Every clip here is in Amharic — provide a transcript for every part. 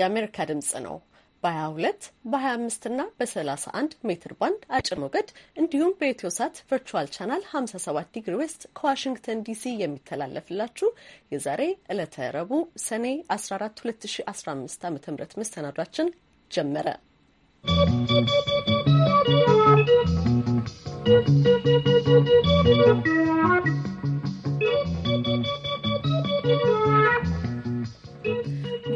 የአሜሪካ ድምጽ ነው። በ22 በ25 እና በ31 ሜትር ባንድ አጭር ሞገድ እንዲሁም በኢትዮሳት ቨርቹዋል ቻናል 57 ዲግሪ ዌስት ከዋሽንግተን ዲሲ የሚተላለፍላችሁ የዛሬ ዕለተ ረቡዕ ሰኔ 14 2015 ዓ ም መሰናዷችን ጀመረ። ¶¶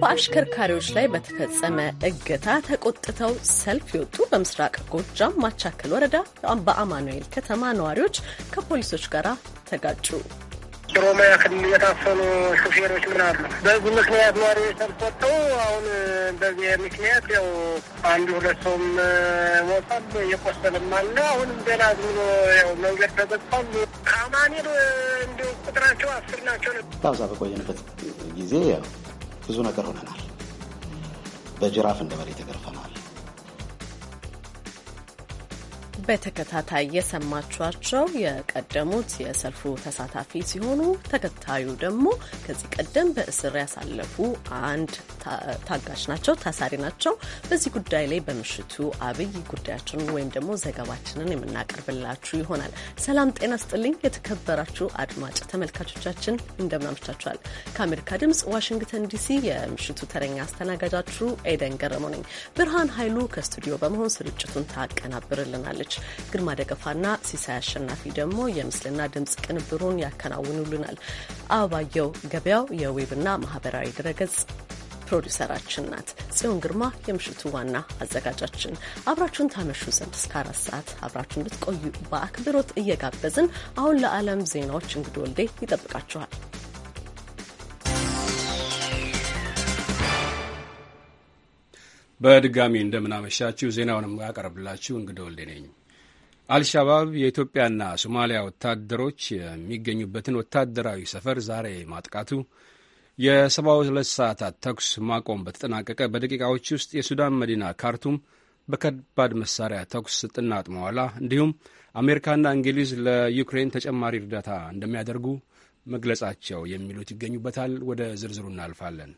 በአሽከርካሪዎች ላይ በተፈጸመ እገታ ተቆጥተው ሰልፍ የወጡ በምስራቅ ጎጃም ማቻከል ወረዳ በአማኑኤል ከተማ ነዋሪዎች ከፖሊሶች ጋር ተጋጩ። ኦሮሚያ ክልል የታፈኑ ሹፌሮች ምን አሉ። በዚህ ምክንያት ነዋሪዎች ሰልፍ ወጥተው አሁን በዚህ ምክንያት ያው አንድ ሁለት ሰውም ሞቷል፣ እየቆሰለም አለ። አሁንም ገና ዝምሎ ያው መንገድ ተዘግቷል። ከአማኔል እንዲሁ ቁጥራቸው አስር ናቸው። ታብዛ በቆየንበት ጊዜ ያው ብዙ ነገር ሆነናል። በጅራፍ እንደ በሬ ተገርፈናል። በተከታታይ የሰማችኋቸው የቀደሙት የሰልፉ ተሳታፊ ሲሆኑ ተከታዩ ደግሞ ከዚህ ቀደም በእስር ያሳለፉ አንድ ታጋሽ ናቸው፣ ታሳሪ ናቸው። በዚህ ጉዳይ ላይ በምሽቱ አብይ ጉዳያችንን ወይም ደግሞ ዘገባችንን የምናቀርብላችሁ ይሆናል። ሰላም ጤና ስጥልኝ። የተከበራችሁ አድማጭ ተመልካቾቻችን እንደምናምቻችኋል። ከአሜሪካ ድምጽ ዋሽንግተን ዲሲ የምሽቱ ተረኛ አስተናጋጃችሁ ኤደን ገረመ ነኝ። ብርሃን ኃይሉ ከስቱዲዮ በመሆን ስርጭቱን ታቀናብርልናለች። ግርማ ደገፋና ሲሳይ አሸናፊ ደግሞ የምስልና ድምጽ ቅንብሩን ያከናውኑልናል። አበባየው ገበያው የዌብና ማህበራዊ ድረገጽ ፕሮዲሰራችን ናት። ጽዮን ግርማ የምሽቱ ዋና አዘጋጃችን። አብራችሁን ታመሹ ዘንድ እስከ አራት ሰዓት አብራችሁ እንድትቆዩ በአክብሮት እየጋበዝን አሁን ለዓለም ዜናዎች እንግድ ወልዴ ይጠብቃችኋል። በድጋሚ እንደምናመሻችሁ ዜናውንም ያቀርብላችሁ እንግዲ ወልዴ ነኝ። አልሻባብ የኢትዮጵያና ሶማሊያ ወታደሮች የሚገኙበትን ወታደራዊ ሰፈር ዛሬ ማጥቃቱ የሰባ ሁለት ሰዓታት ተኩስ ማቆም በተጠናቀቀ በደቂቃዎች ውስጥ የሱዳን መዲና ካርቱም በከባድ መሳሪያ ተኩስ ጥናት መዋላ እንዲሁም አሜሪካና እንግሊዝ ለዩክሬን ተጨማሪ እርዳታ እንደሚያደርጉ መግለጻቸው የሚሉት ይገኙበታል። ወደ ዝርዝሩ እናልፋለን።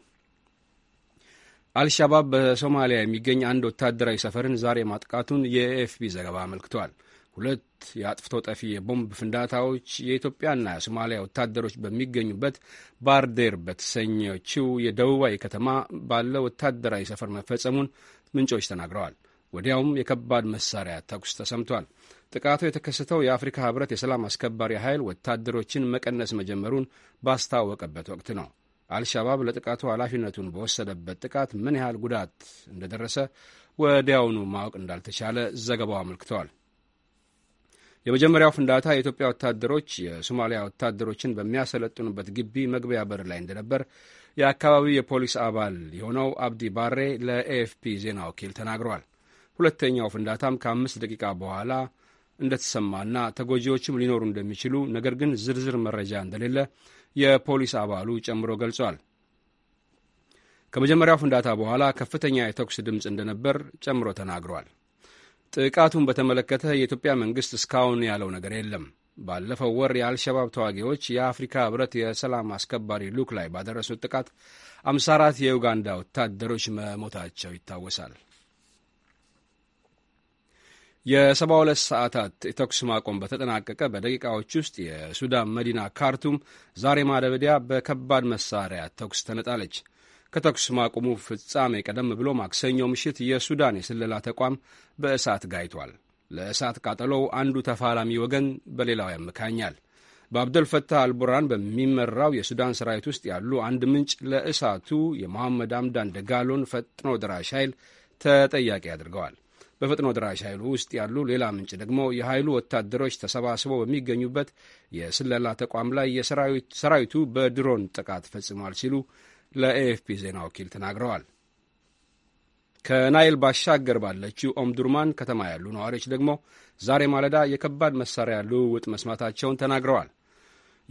አልሻባብ በሶማሊያ የሚገኝ አንድ ወታደራዊ ሰፈርን ዛሬ ማጥቃቱን የኤኤፍፒ ዘገባ አመልክቷል። ሁለት የአጥፍቶ ጠፊ የቦምብ ፍንዳታዎች የኢትዮጵያና የሶማሊያ ወታደሮች በሚገኙበት ባርዴር በተሰኘችው የደቡባዊ ከተማ ባለ ወታደራዊ ሰፈር መፈጸሙን ምንጮች ተናግረዋል። ወዲያውም የከባድ መሳሪያ ተኩስ ተሰምቷል። ጥቃቱ የተከሰተው የአፍሪካ ህብረት የሰላም አስከባሪ ኃይል ወታደሮችን መቀነስ መጀመሩን ባስታወቀበት ወቅት ነው። አልሻባብ ለጥቃቱ ኃላፊነቱን በወሰደበት ጥቃት ምን ያህል ጉዳት እንደደረሰ ወዲያውኑ ማወቅ እንዳልተቻለ ዘገባው አመልክተዋል። የመጀመሪያው ፍንዳታ የኢትዮጵያ ወታደሮች የሶማሊያ ወታደሮችን በሚያሰለጥኑበት ግቢ መግቢያ በር ላይ እንደነበር የአካባቢው የፖሊስ አባል የሆነው አብዲ ባሬ ለኤኤፍፒ ዜና ወኪል ተናግረዋል። ሁለተኛው ፍንዳታም ከአምስት ደቂቃ በኋላ እንደተሰማና ተጎጂዎችም ሊኖሩ እንደሚችሉ ነገር ግን ዝርዝር መረጃ እንደሌለ የፖሊስ አባሉ ጨምሮ ገልጿል። ከመጀመሪያው ፍንዳታ በኋላ ከፍተኛ የተኩስ ድምፅ እንደነበር ጨምሮ ተናግሯል። ጥቃቱን በተመለከተ የኢትዮጵያ መንግሥት እስካሁን ያለው ነገር የለም። ባለፈው ወር የአልሸባብ ተዋጊዎች የአፍሪካ ህብረት የሰላም አስከባሪ ሉክ ላይ ባደረሱት ጥቃት 54 የዩጋንዳ ወታደሮች መሞታቸው ይታወሳል። የሰባ ሁለት ሰዓታት የተኩስ ማቆም በተጠናቀቀ በደቂቃዎች ውስጥ የሱዳን መዲና ካርቱም ዛሬ ማለዳ በከባድ መሳሪያ ተኩስ ተነጣለች። ከተኩስ ማቁሙ ፍጻሜ ቀደም ብሎ ማክሰኞ ምሽት የሱዳን የስለላ ተቋም በእሳት ጋይቷል። ለእሳት ቃጠሎው አንዱ ተፋላሚ ወገን በሌላው ያመካኛል። በአብደልፈታህ አልቡራን በሚመራው የሱዳን ሰራዊት ውስጥ ያሉ አንድ ምንጭ ለእሳቱ የመሐመድ አምዳን ደጋሎን ፈጥኖ ድራሽ ኃይል ተጠያቂ አድርገዋል። በፈጥኖ ድራሽ ኃይሉ ውስጥ ያሉ ሌላ ምንጭ ደግሞ የኃይሉ ወታደሮች ተሰባስበው በሚገኙበት የስለላ ተቋም ላይ የሰራዊቱ በድሮን ጥቃት ፈጽሟል ሲሉ ለኤኤፍፒ ዜና ወኪል ተናግረዋል። ከናይል ባሻገር ባለችው ኦምዱርማን ከተማ ያሉ ነዋሪዎች ደግሞ ዛሬ ማለዳ የከባድ መሳሪያ ልውውጥ መስማታቸውን ተናግረዋል።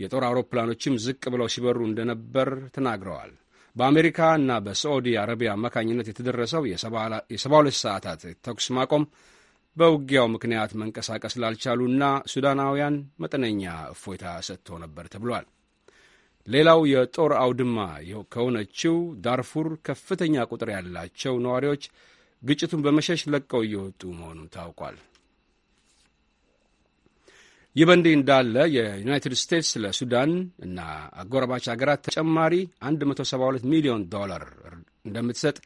የጦር አውሮፕላኖችም ዝቅ ብለው ሲበሩ እንደነበር ተናግረዋል። በአሜሪካ እና በሳዑዲ አረቢያ አማካኝነት የተደረሰው የ72 ሰዓታት ተኩስ ማቆም በውጊያው ምክንያት መንቀሳቀስ ላልቻሉና ሱዳናውያን መጠነኛ እፎይታ ሰጥቶ ነበር ተብሏል። ሌላው የጦር አውድማ ከሆነችው ዳርፉር ከፍተኛ ቁጥር ያላቸው ነዋሪዎች ግጭቱን በመሸሽ ለቀው እየወጡ መሆኑ ታውቋል። ይህ በእንዲህ እንዳለ የዩናይትድ ስቴትስ ለሱዳን እና አጎራባች አገራት ተጨማሪ 172 ሚሊዮን ዶላር እንደምትሰጥ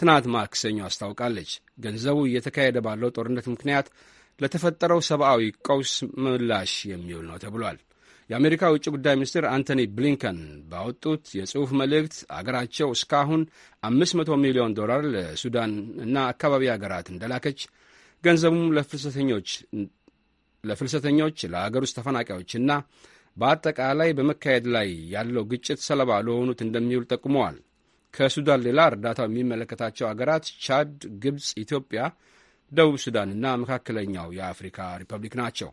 ትናንት ማክሰኞ አስታውቃለች። ገንዘቡ እየተካሄደ ባለው ጦርነት ምክንያት ለተፈጠረው ሰብአዊ ቀውስ ምላሽ የሚውል ነው ተብሏል። የአሜሪካ ውጭ ጉዳይ ሚኒስትር አንቶኒ ብሊንከን ባወጡት የጽሑፍ መልእክት አገራቸው እስካሁን 500 ሚሊዮን ዶላር ለሱዳን እና አካባቢ አገራት እንደላከች ገንዘቡም ለፍልሰተኞች ለአገር ውስጥ ተፈናቃዮችና በአጠቃላይ በመካሄድ ላይ ያለው ግጭት ሰለባ ለሆኑት እንደሚውል ጠቁመዋል። ከሱዳን ሌላ እርዳታው የሚመለከታቸው አገራት ቻድ፣ ግብፅ፣ ኢትዮጵያ ደቡብ ሱዳንና መካከለኛው የአፍሪካ ሪፐብሊክ ናቸው።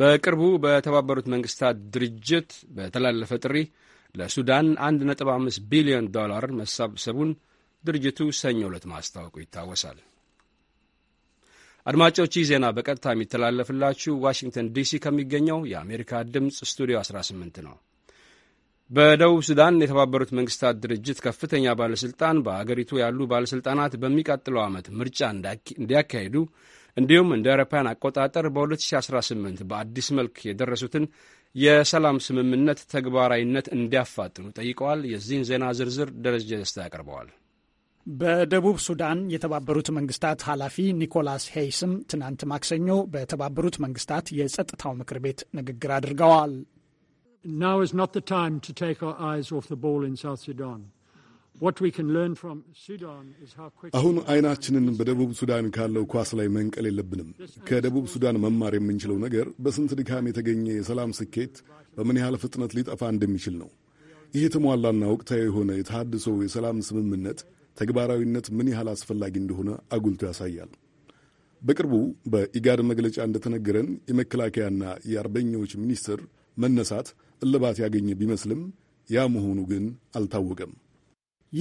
በቅርቡ በተባበሩት መንግስታት ድርጅት በተላለፈ ጥሪ ለሱዳን 1.5 ቢሊዮን ዶላር መሰብሰቡን ድርጅቱ ሰኞ ዕለት ማስታወቁ ይታወሳል። አድማጮች ይህ ዜና በቀጥታ የሚተላለፍላችሁ ዋሽንግተን ዲሲ ከሚገኘው የአሜሪካ ድምፅ ስቱዲዮ 18 ነው። በደቡብ ሱዳን የተባበሩት መንግስታት ድርጅት ከፍተኛ ባለሥልጣን በአገሪቱ ያሉ ባለሥልጣናት በሚቀጥለው ዓመት ምርጫ እንዲያካሂዱ እንዲሁም እንደ አውሮፓውያን አቆጣጠር በ2018 በአዲስ መልክ የደረሱትን የሰላም ስምምነት ተግባራዊነት እንዲያፋጥኑ ጠይቀዋል። የዚህን ዜና ዝርዝር ደረጀ ደስታ ያቀርበዋል። በደቡብ ሱዳን የተባበሩት መንግስታት ኃላፊ ኒኮላስ ሄይስም ትናንት ማክሰኞ በተባበሩት መንግስታት የጸጥታው ምክር ቤት ንግግር አድርገዋል። አሁን አይናችንን በደቡብ ሱዳን ካለው ኳስ ላይ መንቀል የለብንም። ከደቡብ ሱዳን መማር የምንችለው ነገር በስንት ድካም የተገኘ የሰላም ስኬት በምን ያህል ፍጥነት ሊጠፋ እንደሚችል ነው። ይህ የተሟላና ወቅታዊ የሆነ የተሃድሶ የሰላም ስምምነት ተግባራዊነት ምን ያህል አስፈላጊ እንደሆነ አጉልቶ ያሳያል። በቅርቡ በኢጋድ መግለጫ እንደተነገረን የመከላከያና የአርበኛዎች ሚኒስትር መነሳት እልባት ያገኘ ቢመስልም ያ መሆኑ ግን አልታወቀም።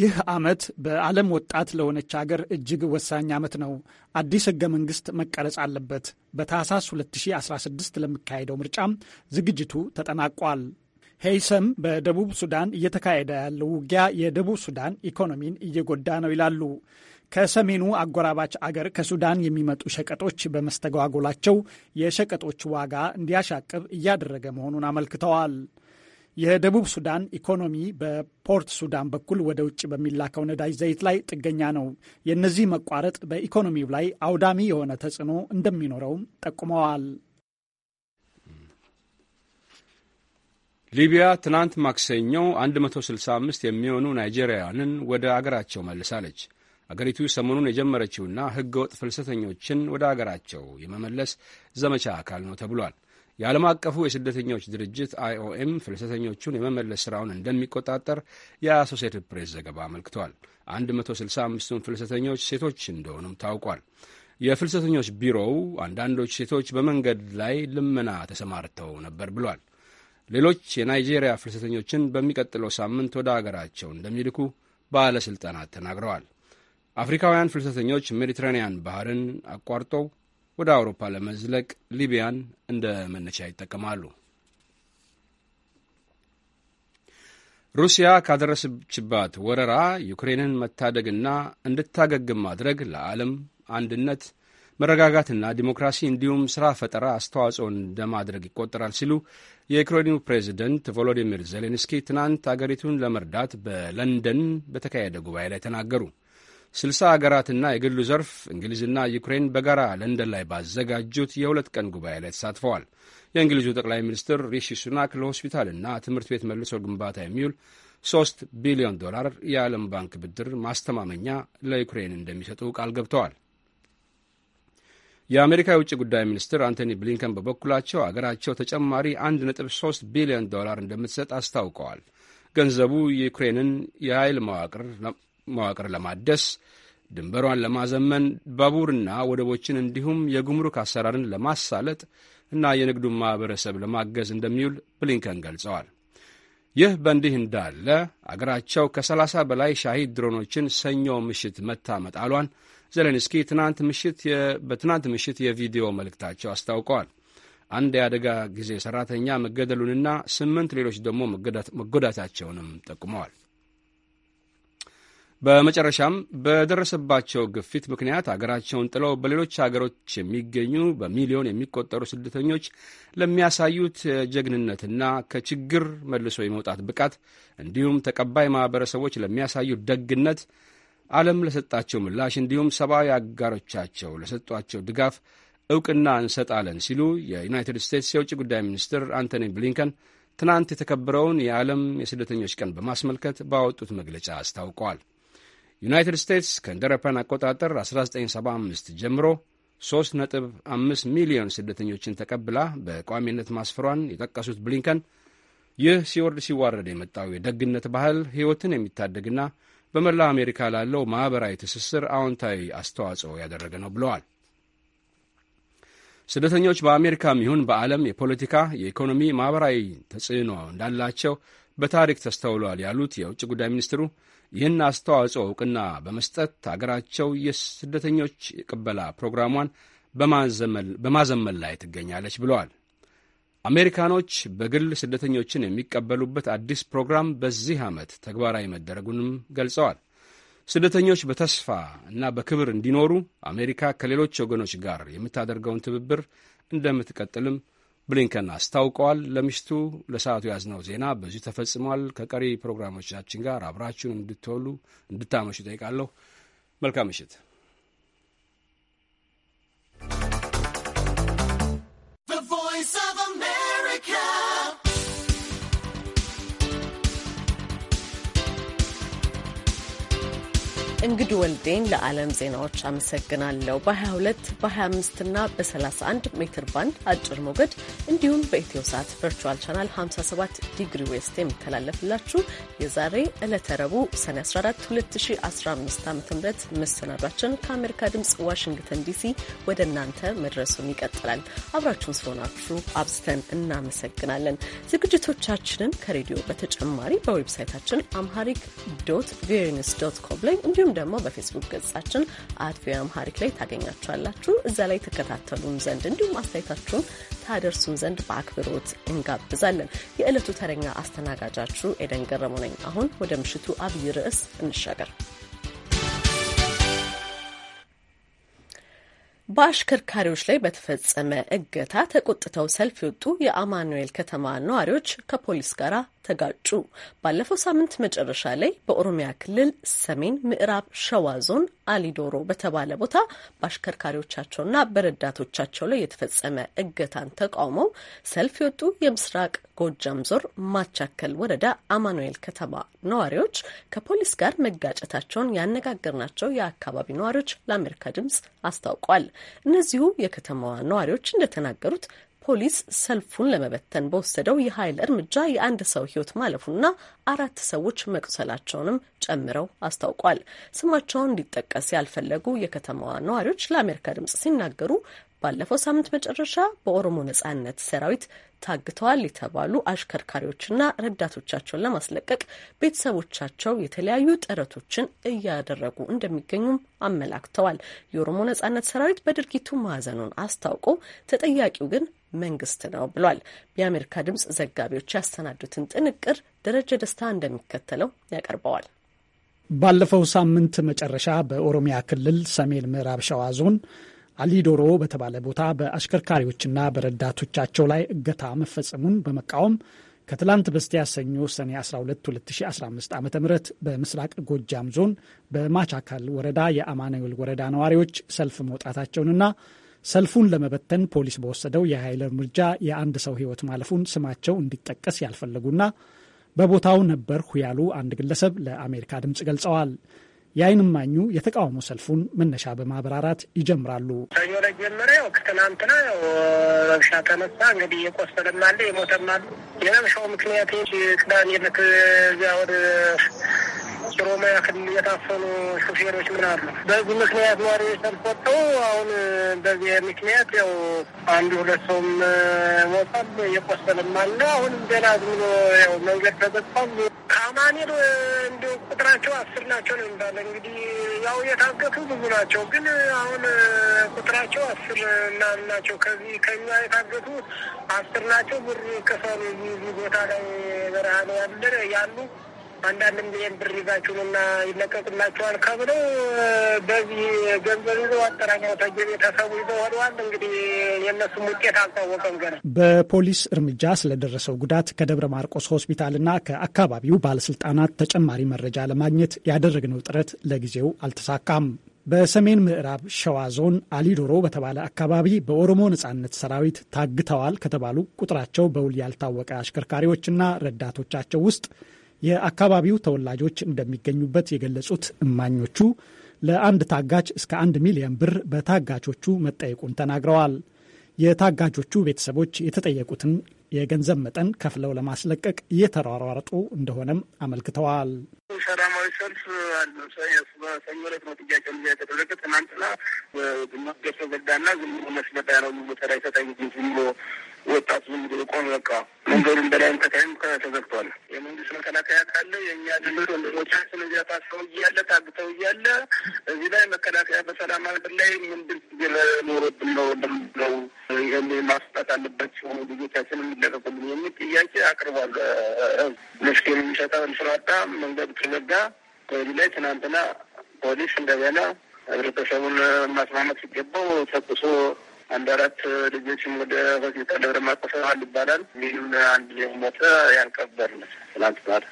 ይህ ዓመት በዓለም ወጣት ለሆነች አገር እጅግ ወሳኝ ዓመት ነው። አዲስ ሕገ መንግሥት መቀረጽ አለበት። በታህሳስ 2016 ለሚካሄደው ምርጫም ዝግጅቱ ተጠናቋል። ሄይሰም በደቡብ ሱዳን እየተካሄደ ያለው ውጊያ የደቡብ ሱዳን ኢኮኖሚን እየጎዳ ነው ይላሉ። ከሰሜኑ አጎራባች አገር ከሱዳን የሚመጡ ሸቀጦች በመስተጓጎላቸው የሸቀጦች ዋጋ እንዲያሻቅብ እያደረገ መሆኑን አመልክተዋል። የደቡብ ሱዳን ኢኮኖሚ በፖርት ሱዳን በኩል ወደ ውጭ በሚላከው ነዳጅ ዘይት ላይ ጥገኛ ነው። የእነዚህ መቋረጥ በኢኮኖሚው ላይ አውዳሚ የሆነ ተጽዕኖ እንደሚኖረውም ጠቁመዋል። ሊቢያ ትናንት ማክሰኞ 165 የሚሆኑ ናይጄሪያውያንን ወደ አገራቸው መልሳለች። አገሪቱ ሰሞኑን የጀመረችውና ሕገ ወጥ ፍልሰተኞችን ወደ አገራቸው የመመለስ ዘመቻ አካል ነው ተብሏል። የዓለም አቀፉ የስደተኞች ድርጅት አይኦኤም ፍልሰተኞቹን የመመለስ ሥራውን እንደሚቆጣጠር የአሶሴትድ ፕሬስ ዘገባ አመልክቷል። 165ቱን ፍልሰተኞች ሴቶች እንደሆኑም ታውቋል። የፍልሰተኞች ቢሮው አንዳንዶች ሴቶች በመንገድ ላይ ልመና ተሰማርተው ነበር ብሏል። ሌሎች የናይጄሪያ ፍልሰተኞችን በሚቀጥለው ሳምንት ወደ አገራቸው እንደሚልኩ ባለሥልጣናት ተናግረዋል። አፍሪካውያን ፍልሰተኞች ሜዲትራኒያን ባህርን አቋርጠው ወደ አውሮፓ ለመዝለቅ ሊቢያን እንደ መነሻ ይጠቀማሉ። ሩሲያ ካደረሰችባት ወረራ ዩክሬንን መታደግና እንድታገግም ማድረግ ለዓለም አንድነት፣ መረጋጋትና ዲሞክራሲ እንዲሁም ሥራ ፈጠራ አስተዋጽኦ እንደማድረግ ይቆጠራል ሲሉ የዩክሬኑ ፕሬዚደንት ቮሎዲሚር ዜሌንስኪ ትናንት አገሪቱን ለመርዳት በለንደን በተካሄደ ጉባኤ ላይ ተናገሩ። ስልሳ አገራትና የግሉ ዘርፍ እንግሊዝና ዩክሬን በጋራ ለንደን ላይ ባዘጋጁት የሁለት ቀን ጉባኤ ላይ ተሳትፈዋል። የእንግሊዙ ጠቅላይ ሚኒስትር ሪሺ ሱናክ ለሆስፒታልና ትምህርት ቤት መልሶ ግንባታ የሚውል ሶስት ቢሊዮን ዶላር የዓለም ባንክ ብድር ማስተማመኛ ለዩክሬን እንደሚሰጡ ቃል ገብተዋል። የአሜሪካ የውጭ ጉዳይ ሚኒስትር አንቶኒ ብሊንከን በበኩላቸው አገራቸው ተጨማሪ 1.3 ቢሊዮን ዶላር እንደምትሰጥ አስታውቀዋል። ገንዘቡ የዩክሬንን የኃይል መዋቅር መዋቅር ለማደስ ድንበሯን ለማዘመን ባቡርና ወደቦችን እንዲሁም የጉምሩክ አሰራርን ለማሳለጥ እና የንግዱን ማኅበረሰብ ለማገዝ እንደሚውል ብሊንከን ገልጸዋል። ይህ በእንዲህ እንዳለ አገራቸው ከ30 በላይ ሻሂድ ድሮኖችን ሰኞ ምሽት መታ መጣሏን ዜሌንስኪ በትናንት ምሽት የቪዲዮ መልእክታቸው አስታውቀዋል። አንድ የአደጋ ጊዜ ሠራተኛ መገደሉንና ስምንት ሌሎች ደግሞ መጎዳታቸውንም ጠቁመዋል። በመጨረሻም በደረሰባቸው ግፊት ምክንያት አገራቸውን ጥለው በሌሎች አገሮች የሚገኙ በሚሊዮን የሚቆጠሩ ስደተኞች ለሚያሳዩት ጀግንነትና ከችግር መልሶ የመውጣት ብቃት እንዲሁም ተቀባይ ማኅበረሰቦች ለሚያሳዩት ደግነት ዓለም ለሰጣቸው ምላሽ እንዲሁም ሰብአዊ አጋሮቻቸው ለሰጧቸው ድጋፍ እውቅና እንሰጣለን ሲሉ የዩናይትድ ስቴትስ የውጭ ጉዳይ ሚኒስትር አንቶኒ ብሊንከን ትናንት የተከበረውን የዓለም የስደተኞች ቀን በማስመልከት ባወጡት መግለጫ አስታውቀዋል። ዩናይትድ ስቴትስ ከእንደ አውሮፓውያን አቆጣጠር 1975 ጀምሮ 3.5 ሚሊዮን ስደተኞችን ተቀብላ በቋሚነት ማስፈሯን የጠቀሱት ብሊንከን ይህ ሲወርድ ሲዋረድ የመጣው የደግነት ባህል ሕይወትን የሚታደግና በመላው አሜሪካ ላለው ማኅበራዊ ትስስር አዎንታዊ አስተዋጽኦ ያደረገ ነው ብለዋል። ስደተኞች በአሜሪካም ይሁን በዓለም የፖለቲካ፣ የኢኮኖሚ፣ ማኅበራዊ ተጽዕኖ እንዳላቸው በታሪክ ተስተውሏል ያሉት የውጭ ጉዳይ ሚኒስትሩ ይህን አስተዋጽኦ እውቅና በመስጠት አገራቸው የስደተኞች ቅበላ ፕሮግራሟን በማዘመን ላይ ትገኛለች ብለዋል። አሜሪካኖች በግል ስደተኞችን የሚቀበሉበት አዲስ ፕሮግራም በዚህ ዓመት ተግባራዊ መደረጉንም ገልጸዋል። ስደተኞች በተስፋ እና በክብር እንዲኖሩ አሜሪካ ከሌሎች ወገኖች ጋር የምታደርገውን ትብብር እንደምትቀጥልም ብሊንከን አስታውቀዋል። ለምሽቱ ለሰዓቱ ያዝነው ዜና በዚሁ ተፈጽሟል። ከቀሪ ፕሮግራሞቻችን ጋር አብራችሁን እንድትወሉ እንድታመሹ ጠይቃለሁ። መልካም ምሽት። እንግዱ ወልዴን ለዓለም ዜናዎች አመሰግናለሁ። በ22 በ25ና በ31 ሜትር ባንድ አጭር ሞገድ እንዲሁም በኢትዮ ሳት ቨርቹዋል ቻናል 57 ዲግሪ ዌስት የሚተላለፍላችሁ የዛሬ ዕለተ ረቡዕ ሰኔ 14 2015 ዓ ም መሰናዷችን ከአሜሪካ ድምፅ ዋሽንግተን ዲሲ ወደ እናንተ መድረሱን ይቀጥላል። አብራችሁን ስለሆናችሁ አብዝተን እናመሰግናለን። ዝግጅቶቻችንን ከሬዲዮ በተጨማሪ በዌብሳይታችን አምሃሪክ ዶት ቪኦኤ ኒውስ ዶት ኮም ላይ እንዲሁም እንዲሁም ደግሞ በፌስቡክ ገጻችን አት ቪኦኤ አምሃሪክ ላይ ታገኛችኋላችሁ። እዛ ላይ ተከታተሉን ዘንድ እንዲሁም አስተያየታችሁን ታደርሱን ዘንድ በአክብሮት እንጋብዛለን። የዕለቱ ተረኛ አስተናጋጃችሁ ኤደን ገረሙ ነኝ። አሁን ወደ ምሽቱ አብይ ርዕስ እንሻገር። በአሽከርካሪዎች ላይ በተፈጸመ እገታ ተቆጥተው ሰልፍ የወጡ የአማኑኤል ከተማ ነዋሪዎች ከፖሊስ ጋር ተጋጩ። ባለፈው ሳምንት መጨረሻ ላይ በኦሮሚያ ክልል ሰሜን ምዕራብ ሸዋ ዞን አሊዶሮ በተባለ ቦታ በአሽከርካሪዎቻቸውና በረዳቶቻቸው ላይ የተፈጸመ እገታን ተቃውመው ሰልፍ የወጡ የምስራቅ ጎጃም ዞር ማቻከል ወረዳ አማኑኤል ከተማ ነዋሪዎች ከፖሊስ ጋር መጋጨታቸውን ያነጋገርናቸው የአካባቢ ነዋሪዎች ለአሜሪካ ድምጽ አስታውቋል። እነዚሁ የከተማዋ ነዋሪዎች እንደተናገሩት ፖሊስ ሰልፉን ለመበተን በወሰደው የኃይል እርምጃ የአንድ ሰው ሕይወት ማለፉና አራት ሰዎች መቁሰላቸውንም ጨምረው አስታውቋል። ስማቸውን እንዲጠቀስ ያልፈለጉ የከተማዋ ነዋሪዎች ለአሜሪካ ድምጽ ሲናገሩ ባለፈው ሳምንት መጨረሻ በኦሮሞ ነጻነት ሰራዊት ታግተዋል የተባሉ አሽከርካሪዎችና ረዳቶቻቸውን ለማስለቀቅ ቤተሰቦቻቸው የተለያዩ ጥረቶችን እያደረጉ እንደሚገኙም አመላክተዋል። የኦሮሞ ነጻነት ሰራዊት በድርጊቱ ማዘኑን አስታውቆ ተጠያቂው ግን መንግስት ነው ብሏል። የአሜሪካ ድምጽ ዘጋቢዎች ያሰናዱትን ጥንቅር ደረጀ ደስታ እንደሚከተለው ያቀርበዋል። ባለፈው ሳምንት መጨረሻ በኦሮሚያ ክልል ሰሜን ምዕራብ ሸዋ ዞን አሊዶሮ በተባለ ቦታ በአሽከርካሪዎችና በረዳቶቻቸው ላይ እገታ መፈጸሙን በመቃወም ከትላንት በስቲያ ሰኞ ሰኔ 12 2015 ዓ ም በምስራቅ ጎጃም ዞን በማቻካል ወረዳ የአማኑኤል ወረዳ ነዋሪዎች ሰልፍ መውጣታቸውንና ሰልፉን ለመበተን ፖሊስ በወሰደው የኃይል እርምጃ የአንድ ሰው ሕይወት ማለፉን ስማቸው እንዲጠቀስ ያልፈለጉና በቦታው ነበርሁ ያሉ አንድ ግለሰብ ለአሜሪካ ድምፅ ገልጸዋል። የዓይን እማኙ የተቃውሞ ሰልፉን መነሻ በማብራራት ይጀምራሉ። ሰኞ ላይ ጀምረ ያው ከትናንትና ረብሻ ተነሳ። እንግዲህ የቆሰለም አለ የሞተም አለ። የረብሻው ምክንያት ቅዳሜ ዕለት እዚያ ወደ ኦሮሚያ ክልል የታፈኑ ሹፌሮች ምን አሉ። በዚህ ምክንያት ነዋሪ ሰልፍ ወጥተው አሁን በዚህ ምክንያት ያው አንድ ሁለት ሰውም ሞቷል፣ የቆሰለም አለ። አሁንም ገና ዝም ብሎ ያው መንገድ ተዘግቷል። ታማሚን እንደ ቁጥራቸው አስር ናቸው ነው የሚባለ። እንግዲህ ያው የታገቱ ብዙ ናቸው፣ ግን አሁን ቁጥራቸው አስር ምናምን ናቸው። ከዚህ ከኛ የታገቱ አስር ናቸው። ብር ከሰሉ ቦታ ላይ በረሃ ነው ያሉ አንዳንድ ሚሊዮን ብር ይዛችሁንና ይለቀቅላችኋል ከብለው በዚህ ገንዘብ ይዘው አጠራኛው ተጀ ቤተሰቡ ይዘው ሆነዋል። እንግዲህ የእነሱም ውጤት አልታወቀም ገና። በፖሊስ እርምጃ ስለደረሰው ጉዳት ከደብረ ማርቆስ ሆስፒታልና ከአካባቢው ባለስልጣናት ተጨማሪ መረጃ ለማግኘት ያደረግነው ጥረት ለጊዜው አልተሳካም። በሰሜን ምዕራብ ሸዋ ዞን አሊዶሮ በተባለ አካባቢ በኦሮሞ ነጻነት ሰራዊት ታግተዋል ከተባሉ ቁጥራቸው በውል ያልታወቀ አሽከርካሪዎችና ረዳቶቻቸው ውስጥ የአካባቢው ተወላጆች እንደሚገኙበት የገለጹት እማኞቹ ለአንድ ታጋች እስከ አንድ ሚሊዮን ብር በታጋቾቹ መጠየቁን ተናግረዋል። የታጋቾቹ ቤተሰቦች የተጠየቁትን የገንዘብ መጠን ከፍለው ለማስለቀቅ እየተሯሯጡ እንደሆነም አመልክተዋል። ሰላማዊ ሰልፍ ሰኞ ዕለት ነው ጥያቄው ጊዜ የተደረገ። ትናንትና ገሶ ዘዳና ግንኙነት ነው ዝም ብሎ ቆም በቃ መንገዱን በላይም ከታይም ተዘግቷል። የመንግስት መከላከያ ካለ የእኛ ድምር ወንድሞቻችን እዚያ ታስረው እያለ ታግተው እያለ እዚህ ላይ መከላከያ በሰላም አልብር ላይ ምንድን ኖሮብን ነው ይህን ማስጣት አለበት ሲሆኑ ልጆቻችን የሚለቀቁልን የሚል ጥያቄ አቅርቧል። መፍትሄ የሚሰጠ ስራጣ መንገዱ ተዘጋ። ከዚህ ላይ ትናንትና ፖሊስ እንደገና ህብረተሰቡን ማስማማት ሲገባው ተኩሶ አንድ አራት ልጆችም ወደ ሆስፒታል ደብረ ማርቆስ ይባላል። ይህም አንድ ልጅ ሞተ። ያንቀበር ትናንት ማለት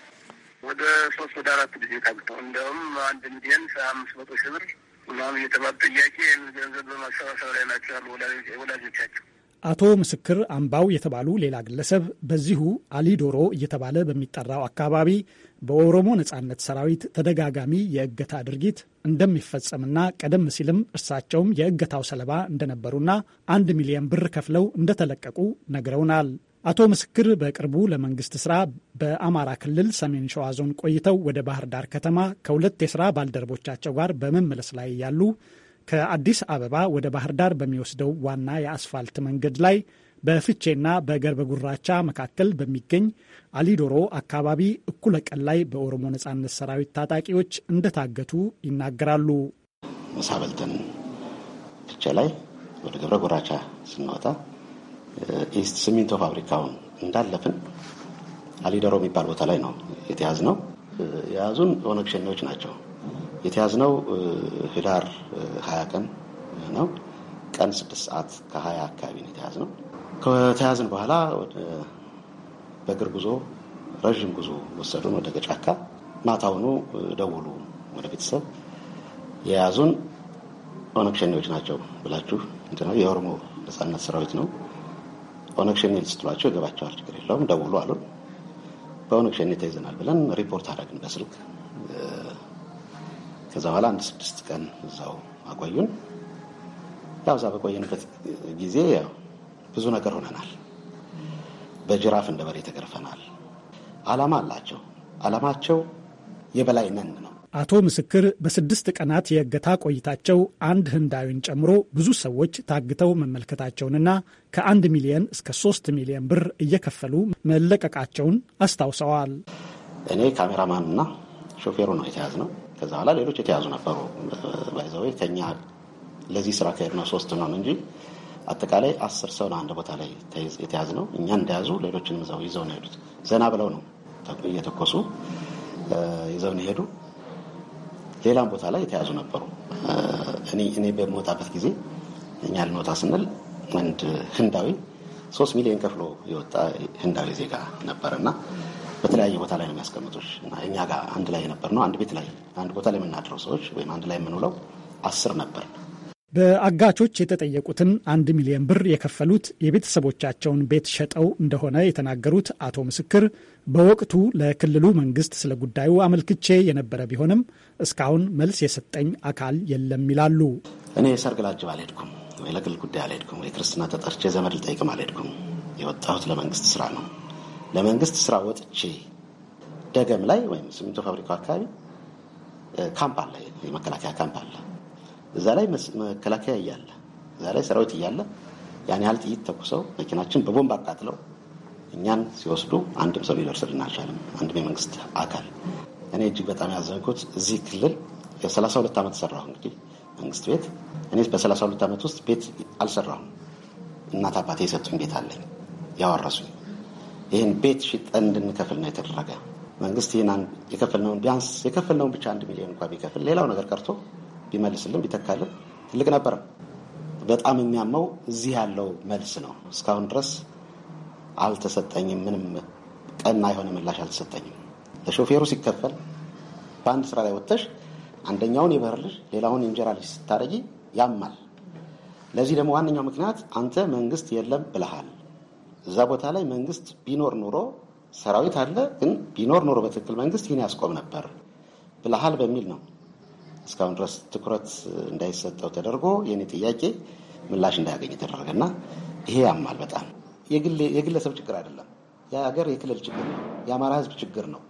ወደ ሶስት ወደ አራት ልጅ ታግተው እንደውም አንድ ሚሊዮን አምስት መቶ ሺህ ብር ምናምን እየተባሉ ጥያቄ ገንዘብ በማሰባሰብ ላይ ናቸው ያሉ ወላጆቻቸው አቶ ምስክር አምባው የተባሉ ሌላ ግለሰብ በዚሁ አሊ ዶሮ እየተባለ በሚጠራው አካባቢ በኦሮሞ ነጻነት ሰራዊት ተደጋጋሚ የእገታ ድርጊት እንደሚፈጸምና ቀደም ሲልም እርሳቸውም የእገታው ሰለባ እንደነበሩና አንድ ሚሊዮን ብር ከፍለው እንደተለቀቁ ነግረውናል። አቶ ምስክር በቅርቡ ለመንግስት ስራ በአማራ ክልል ሰሜን ሸዋ ዞን ቆይተው ወደ ባህር ዳር ከተማ ከሁለት የስራ ባልደረቦቻቸው ጋር በመመለስ ላይ ያሉ ከአዲስ አበባ ወደ ባህር ዳር በሚወስደው ዋና የአስፋልት መንገድ ላይ በፍቼና በገርበ ጉራቻ መካከል በሚገኝ አሊዶሮ አካባቢ እኩለ ቀን ላይ በኦሮሞ ነጻነት ሰራዊት ታጣቂዎች እንደታገቱ ይናገራሉ። በልተን ፍቼ ላይ ወደ ገብረ ጉራቻ ስንወጣ ኢስት ሲሚንቶ ፋብሪካውን እንዳለፍን አሊዶሮ የሚባል ቦታ ላይ ነው የተያዝ ነው። የያዙን ኦነግ ሸኔዎች ናቸው። የተያዝነው ህዳር 20 ቀን ነው። ቀን ስድስት ሰዓት ከ20 አካባቢ ነው የተያዝነው። ከተያዝን በኋላ በእግር ጉዞ ረዥም ጉዞ ወሰዱን ወደ ገጫካ። ማታውኑ ደውሉ ወደ ቤተሰብ የያዙን ኦነግ ሸኔዎች ናቸው ብላችሁ የኦሮሞ ነጻነት ሰራዊት ነው ኦነግ ሸኔ ስትሏቸው ይገባቸዋል፣ ችግር የለውም ደውሉ አሉን። በኦነግ ሸኔ ተይዘናል ብለን ሪፖርት አደረግን በስልክ ከዛ በኋላ አንድ ስድስት ቀን እዛው አቆዩን። ያው እዛ በቆየንበት ጊዜ ብዙ ነገር ሆነናል። በጅራፍ እንደ በሬ ተገርፈናል። አላማ አላቸው። አላማቸው የበላይ ነን ነው። አቶ ምስክር በስድስት ቀናት የእገታ ቆይታቸው አንድ ህንዳዊን ጨምሮ ብዙ ሰዎች ታግተው መመልከታቸውንና ከአንድ ሚሊየን እስከ ሶስት ሚሊየን ብር እየከፈሉ መለቀቃቸውን አስታውሰዋል። እኔ ካሜራማንና ሾፌሩ ነው ነው። ከዛ በኋላ ሌሎች የተያዙ ነበሩ። ባይዘዌ ከኛ ለዚህ ስራ ከሄድነው ሶስት ነው እንጂ አጠቃላይ አስር ሰው ነው አንድ ቦታ ላይ የተያዝ ነው። እኛ እንደያዙ ሌሎችንም ዘው ይዘው ነው ሄዱት። ዘና ብለው ነው እየተኮሱ ይዘው ነው ሄዱ። ሌላም ቦታ ላይ የተያዙ ነበሩ። እኔ በመወጣበት ጊዜ እኛ ልንወጣ ስንል አንድ ህንዳዊ ሶስት ሚሊዮን ከፍሎ የወጣ ህንዳዊ ዜጋ ነበረ እና በተለያየ ቦታ ላይ ነው የሚያስቀምጡሽ። እኛ ጋር አንድ ላይ ነበር ነው አንድ ቤት ላይ አንድ ቦታ ላይ የምናድረው ሰዎች ወይም አንድ ላይ የምንውለው አስር ነበር። በአጋቾች የተጠየቁትን አንድ ሚሊዮን ብር የከፈሉት የቤተሰቦቻቸውን ቤት ሸጠው እንደሆነ የተናገሩት አቶ ምስክር በወቅቱ ለክልሉ መንግስት ስለ ጉዳዩ አመልክቼ የነበረ ቢሆንም እስካሁን መልስ የሰጠኝ አካል የለም ይላሉ። እኔ የሰርግ ላጅብ አልሄድኩም ወይ ለግል ጉዳይ አልሄድኩም ወይ ክርስትና ተጠርቼ ዘመድ ልጠይቅም አልሄድኩም። የወጣሁት ለመንግስት ስራ ነው። ለመንግስት ስራ ወጥቼ ደገም ላይ ወይም ሲሚንቶ ፋብሪካው አካባቢ ካምፕ አለ፣ የመከላከያ ካምፕ አለ። እዛ ላይ መከላከያ እያለ እዛ ላይ ሰራዊት እያለ ያን ያህል ጥይት ተኩሰው መኪናችን በቦምብ አቃጥለው እኛን ሲወስዱ አንድም ሰው ሊደርስልን አልቻለም። አንድም የመንግስት አካል እኔ እጅግ በጣም ያዘንኩት እዚህ ክልል የ32 ዓመት ሰራሁ እንግዲህ መንግስት ቤት እኔ በ32 ዓመት ውስጥ ቤት አልሰራሁም። እናት አባቴ የሰጡኝ ቤት አለኝ ያወረሱኝ ይህን ቤት ሽጠን እንድንከፍል ነው የተደረገ። መንግስት ይህን የከፈልነውን ቢያንስ የከፈልነውን ብቻ አንድ ሚሊዮን እንኳ ቢከፍል ሌላው ነገር ቀርቶ ቢመልስልን ቢተካልን ትልቅ ነበረ። በጣም የሚያመው እዚህ ያለው መልስ ነው። እስካሁን ድረስ አልተሰጠኝም። ምንም ቀና የሆነ ምላሽ አልተሰጠኝም። ለሾፌሩ ሲከፈል በአንድ ስራ ላይ ወጥተሽ አንደኛውን የበር ልጅ ሌላውን እንጀራ ልጅ ስታረጊ ያማል። ለዚህ ደግሞ ዋነኛው ምክንያት አንተ መንግስት የለም ብለሃል እዛ ቦታ ላይ መንግስት ቢኖር ኑሮ ሰራዊት አለ፣ ግን ቢኖር ኑሮ በትክክል መንግስት ይህን ያስቆም ነበር ብለሃል በሚል ነው እስካሁን ድረስ ትኩረት እንዳይሰጠው ተደርጎ የኔ ጥያቄ ምላሽ እንዳያገኝ የተደረገና ይሄ ያማል በጣም። የግለሰብ ችግር አይደለም፣ የሀገር የክልል ችግር ነው፣ የአማራ ህዝብ ችግር ነው።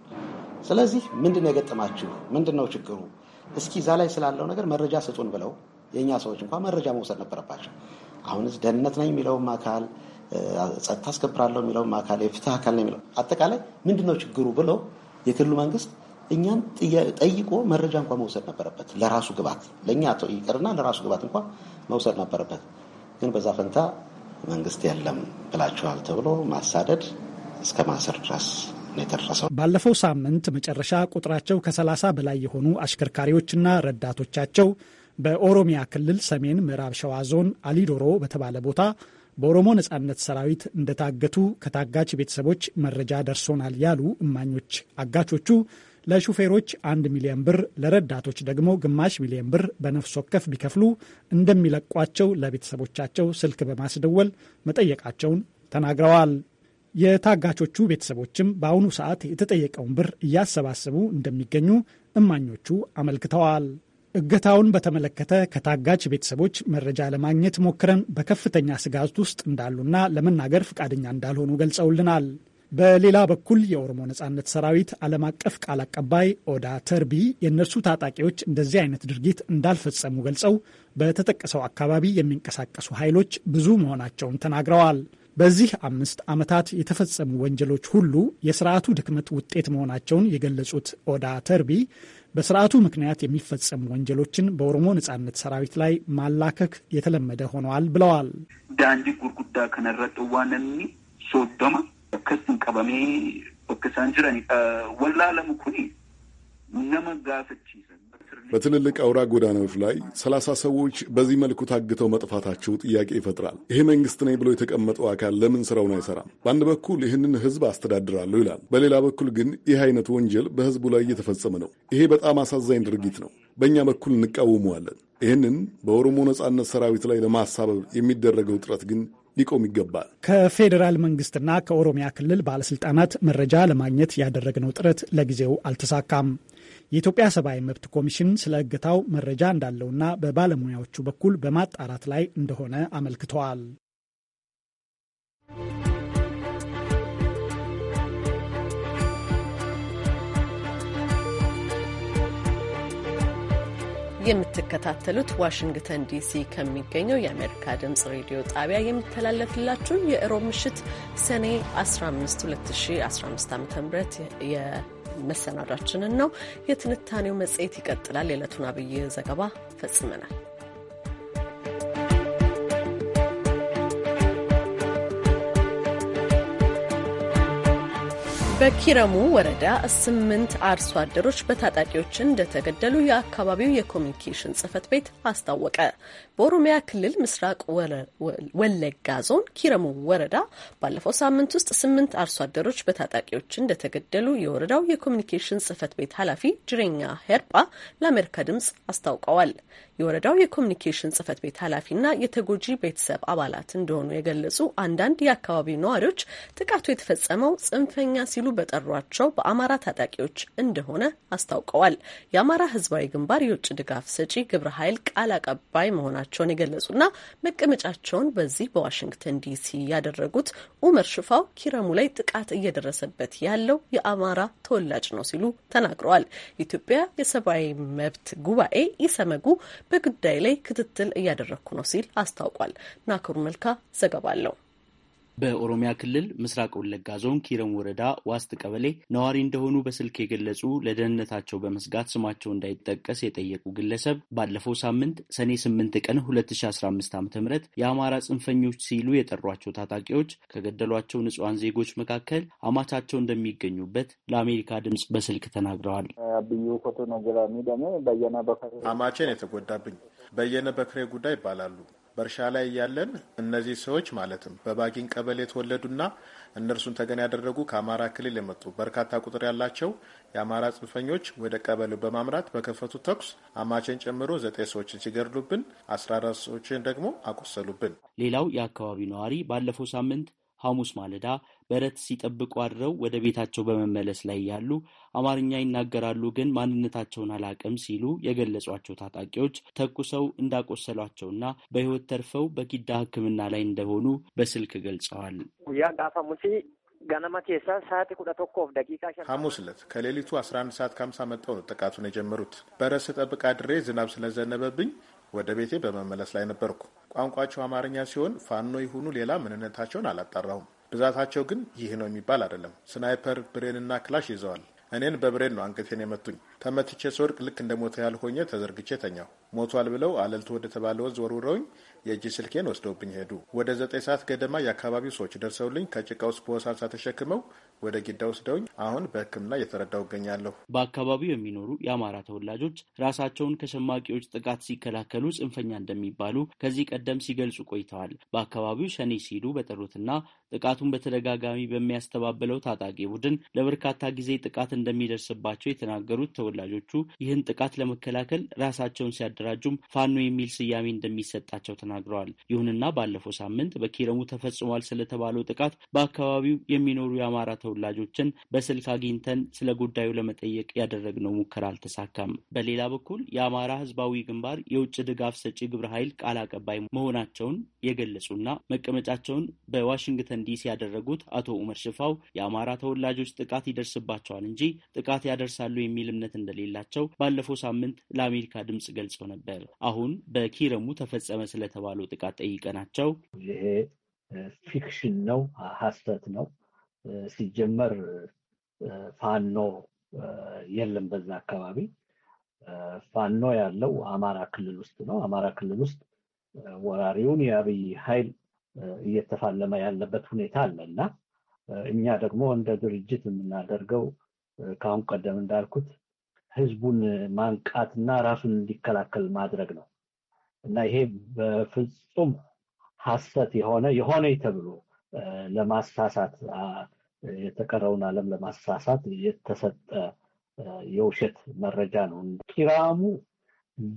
ስለዚህ ምንድን ነው የገጠማችሁ? ምንድን ነው ችግሩ? እስኪ እዛ ላይ ስላለው ነገር መረጃ ስጡን ብለው የእኛ ሰዎች እንኳን መረጃ መውሰድ ነበረባቸው። አሁንስ ደህንነት ነኝ የሚለውም አካል ጸጥታ አስከብራለሁ የሚለው አካል የፍትህ አካል ነው የሚለው አጠቃላይ ምንድን ነው ችግሩ ብሎ የክልሉ መንግስት እኛን ጠይቆ መረጃ እንኳ መውሰድ ነበረበት። ለራሱ ግባት ለእኛ ይቅርና ለራሱ ግባት እንኳ መውሰድ ነበረበት። ግን በዛ ፈንታ መንግስት የለም ብላችኋል ተብሎ ማሳደድ እስከ ማሰር ድረስ ባለፈው ሳምንት መጨረሻ ቁጥራቸው ከሰላሳ በላይ የሆኑ አሽከርካሪዎችና ረዳቶቻቸው በኦሮሚያ ክልል ሰሜን ምዕራብ ሸዋ ዞን አሊዶሮ በተባለ ቦታ በኦሮሞ ነጻነት ሰራዊት እንደታገቱ ከታጋች ቤተሰቦች መረጃ ደርሶናል ያሉ እማኞች አጋቾቹ ለሹፌሮች አንድ ሚሊዮን ብር ለረዳቶች ደግሞ ግማሽ ሚሊዮን ብር በነፍስ ወከፍ ቢከፍሉ እንደሚለቋቸው ለቤተሰቦቻቸው ስልክ በማስደወል መጠየቃቸውን ተናግረዋል። የታጋቾቹ ቤተሰቦችም በአሁኑ ሰዓት የተጠየቀውን ብር እያሰባሰቡ እንደሚገኙ እማኞቹ አመልክተዋል። እገታውን በተመለከተ ከታጋች ቤተሰቦች መረጃ ለማግኘት ሞክረን በከፍተኛ ስጋት ውስጥ እንዳሉና ለመናገር ፈቃደኛ እንዳልሆኑ ገልጸውልናል። በሌላ በኩል የኦሮሞ ነጻነት ሰራዊት ዓለም አቀፍ ቃል አቀባይ ኦዳ ተርቢ የእነርሱ ታጣቂዎች እንደዚህ አይነት ድርጊት እንዳልፈጸሙ ገልጸው በተጠቀሰው አካባቢ የሚንቀሳቀሱ ኃይሎች ብዙ መሆናቸውን ተናግረዋል። በዚህ አምስት ዓመታት የተፈጸሙ ወንጀሎች ሁሉ የስርዓቱ ድክመት ውጤት መሆናቸውን የገለጹት ኦዳ ተርቢ በስርዓቱ ምክንያት የሚፈጸሙ ወንጀሎችን በኦሮሞ ነጻነት ሰራዊት ላይ ማላከክ የተለመደ ሆነዋል ብለዋል። ዳንዲ ጉርጉዳ ከነረጡ ዋነኒ ሶዶማ ከስን ቀበሜ በክሳን ጅረኒ ወላለሙ ኩኒ ነመጋፈች ይዘ በትልልቅ አውራ ጎዳናዎች ላይ ሰላሳ ሰዎች በዚህ መልኩ ታግተው መጥፋታቸው ጥያቄ ይፈጥራል። ይሄ መንግስት ነኝ ብሎ የተቀመጠው አካል ለምን ስራውን አይሰራም? በአንድ በኩል ይህንን ህዝብ አስተዳድራለሁ ይላል፣ በሌላ በኩል ግን ይህ አይነት ወንጀል በህዝቡ ላይ እየተፈጸመ ነው። ይሄ በጣም አሳዛኝ ድርጊት ነው። በእኛ በኩል እንቃወመዋለን። ይህንን በኦሮሞ ነጻነት ሰራዊት ላይ ለማሳበብ የሚደረገው ጥረት ግን ሊቆም ይገባል። ከፌዴራል መንግስትና ከኦሮሚያ ክልል ባለስልጣናት መረጃ ለማግኘት ያደረግነው ጥረት ለጊዜው አልተሳካም። የኢትዮጵያ ሰብአዊ መብት ኮሚሽን ስለ እገታው መረጃ እንዳለውና በባለሙያዎቹ በኩል በማጣራት ላይ እንደሆነ አመልክተዋል። የምትከታተሉት ዋሽንግተን ዲሲ ከሚገኘው የአሜሪካ ድምጽ ሬዲዮ ጣቢያ የሚተላለፍላችሁ የእሮብ ምሽት ሰኔ 15 2015 ዓ ም መሰናዷችንን ነው። የትንታኔው መጽሔት ይቀጥላል። የዕለቱን አብይ ዘገባ ፈጽመናል። በኪረሙ ወረዳ ስምንት አርሶ አደሮች በታጣቂዎች እንደተገደሉ የአካባቢው የኮሚኒኬሽን ጽህፈት ቤት አስታወቀ። በኦሮሚያ ክልል ምስራቅ ወለጋ ዞን ኪረሙ ወረዳ ባለፈው ሳምንት ውስጥ ስምንት አርሶ አደሮች በታጣቂዎች እንደተገደሉ የወረዳው የኮሚኒኬሽን ጽህፈት ቤት ኃላፊ ጅሬኛ ሄርጳ ለአሜሪካ ድምጽ አስታውቀዋል። የወረዳው የኮሚኒኬሽን ጽህፈት ቤት ኃላፊና የተጎጂ ቤተሰብ አባላት እንደሆኑ የገለጹ አንዳንድ የአካባቢው ነዋሪዎች ጥቃቱ የተፈጸመው ጽንፈኛ ሲሉ በጠሯቸው በአማራ ታጣቂዎች እንደሆነ አስታውቀዋል። የአማራ ህዝባዊ ግንባር የውጭ ድጋፍ ሰጪ ግብረ ኃይል ቃል አቀባይ መሆናቸውን የገለጹና መቀመጫቸውን በዚህ በዋሽንግተን ዲሲ ያደረጉት ኡመር ሽፋው ኪረሙ ላይ ጥቃት እየደረሰበት ያለው የአማራ ተወላጅ ነው ሲሉ ተናግረዋል። ኢትዮጵያ የሰብአዊ መብት ጉባኤ ኢሰመጉ በጉዳይ ላይ ክትትል እያደረግኩ ነው ሲል አስታውቋል። ናኮር መልካ ዘገባ አለው። በኦሮሚያ ክልል ምስራቅ ወለጋ ዞን ኪረም ወረዳ ዋስት ቀበሌ ነዋሪ እንደሆኑ በስልክ የገለጹ ለደህንነታቸው በመስጋት ስማቸው እንዳይጠቀስ የጠየቁ ግለሰብ ባለፈው ሳምንት ሰኔ 8 ቀን 2015 ዓ ም የአማራ ጽንፈኞች ሲሉ የጠሯቸው ታጣቂዎች ከገደሏቸው ንጹሐን ዜጎች መካከል አማቻቸው እንደሚገኙበት ለአሜሪካ ድምፅ በስልክ ተናግረዋል። አማቼን የተጎዳብኝ በየነ በክሬ ጉዳይ ይባላሉ። በእርሻ ላይ እያለን እነዚህ ሰዎች ማለትም በባጊን ቀበሌ የተወለዱና እነርሱን ተገን ያደረጉ ከአማራ ክልል የመጡ በርካታ ቁጥር ያላቸው የአማራ ጽንፈኞች ወደ ቀበሌው በማምራት በከፈቱ ተኩስ አማቼን ጨምሮ ዘጠኝ ሰዎችን ሲገድሉብን አስራ አራት ሰዎችን ደግሞ አቆሰሉብን። ሌላው የአካባቢው ነዋሪ ባለፈው ሳምንት ሐሙስ ማለዳ በረት ሲጠብቁ አድረው ወደ ቤታቸው በመመለስ ላይ ያሉ አማርኛ ይናገራሉ ግን ማንነታቸውን አላቅም ሲሉ የገለጿቸው ታጣቂዎች ተኩሰው እንዳቆሰሏቸውና በሕይወት ተርፈው በኪዳ ሕክምና ላይ እንደሆኑ በስልክ ገልጸዋል። ሐሙስ ዕለት ከሌሊቱ 11 ሰዓት ከ50 ነው ጥቃቱን የጀመሩት። በረት ስጠብቅ አድሬ ዝናብ ስለዘነበብኝ ወደ ቤቴ በመመለስ ላይ ነበርኩ። ቋንቋቸው አማርኛ ሲሆን ፋኖ ይሁኑ ሌላ ምንነታቸውን አላጠራውም። ብዛታቸው ግን ይህ ነው የሚባል አይደለም። ስናይፐር ብሬንና ክላሽ ይዘዋል። እኔን በብሬን ነው አንገቴን የመቱኝ። ተመትቼ ስወድቅ ልክ እንደ ሞተ ያልሆኘ ተዘርግቼ ተኛሁ። ሞቷል ብለው አለልቶ ወደ ተባለ ወንዝ ወርውረውኝ የእጅ ስልኬን ወስደውብኝ ሄዱ። ወደ ዘጠኝ ሰዓት ገደማ የአካባቢው ሰዎች ደርሰውልኝ ከጭቃ ውስጥ በሆሳሳ ተሸክመው ወደ ጊዳ ወስደውኝ አሁን በሕክምና እየተረዳው እገኛለሁ። በአካባቢው የሚኖሩ የአማራ ተወላጆች ራሳቸውን ከሸማቂዎች ጥቃት ሲከላከሉ ጽንፈኛ እንደሚባሉ ከዚህ ቀደም ሲገልጹ ቆይተዋል። በአካባቢው ሸኔ ሲሉ በጠሩትና ጥቃቱን በተደጋጋሚ በሚያስተባብለው ታጣቂ ቡድን ለበርካታ ጊዜ ጥቃት እንደሚደርስባቸው የተናገሩት ተወላጆቹ ይህን ጥቃት ለመከላከል ራሳቸውን ሲያደራጁም ፋኖ የሚል ስያሜ እንደሚሰጣቸው ተናግረዋል። ይሁንና ባለፈው ሳምንት በኪረሙ ተፈጽሟል ስለተባለው ጥቃት በአካባቢው የሚኖሩ የአማራ ተወላጆችን በስልክ አግኝተን ስለ ጉዳዩ ለመጠየቅ ያደረግነው ሙከራ አልተሳካም። በሌላ በኩል የአማራ ህዝባዊ ግንባር የውጭ ድጋፍ ሰጪ ግብረ ኃይል ቃል አቀባይ መሆናቸውን የገለጹና መቀመጫቸውን በዋሽንግተን ዋሽንግተን ዲሲ ያደረጉት አቶ ኡመር ሽፋው የአማራ ተወላጆች ጥቃት ይደርስባቸዋል እንጂ ጥቃት ያደርሳሉ የሚል እምነት እንደሌላቸው ባለፈው ሳምንት ለአሜሪካ ድምፅ ገልጸው ነበር። አሁን በኪረሙ ተፈጸመ ስለተባለው ጥቃት ጠይቀናቸው ይሄ ፊክሽን ነው፣ ሀሰት ነው። ሲጀመር ፋኖ የለም በዛ አካባቢ። ፋኖ ያለው አማራ ክልል ውስጥ ነው። አማራ ክልል ውስጥ ወራሪውን የአብይ ኃይል እየተፋለመ ያለበት ሁኔታ አለ እና እኛ ደግሞ እንደ ድርጅት የምናደርገው ከአሁን ቀደም እንዳልኩት ህዝቡን ማንቃትና ራሱን እንዲከላከል ማድረግ ነው እና ይሄ በፍጹም ሀሰት የሆነ የሆነ ተብሎ ለማሳሳት የተቀረውን ዓለም ለማሳሳት የተሰጠ የውሸት መረጃ ነው። ኪራሙ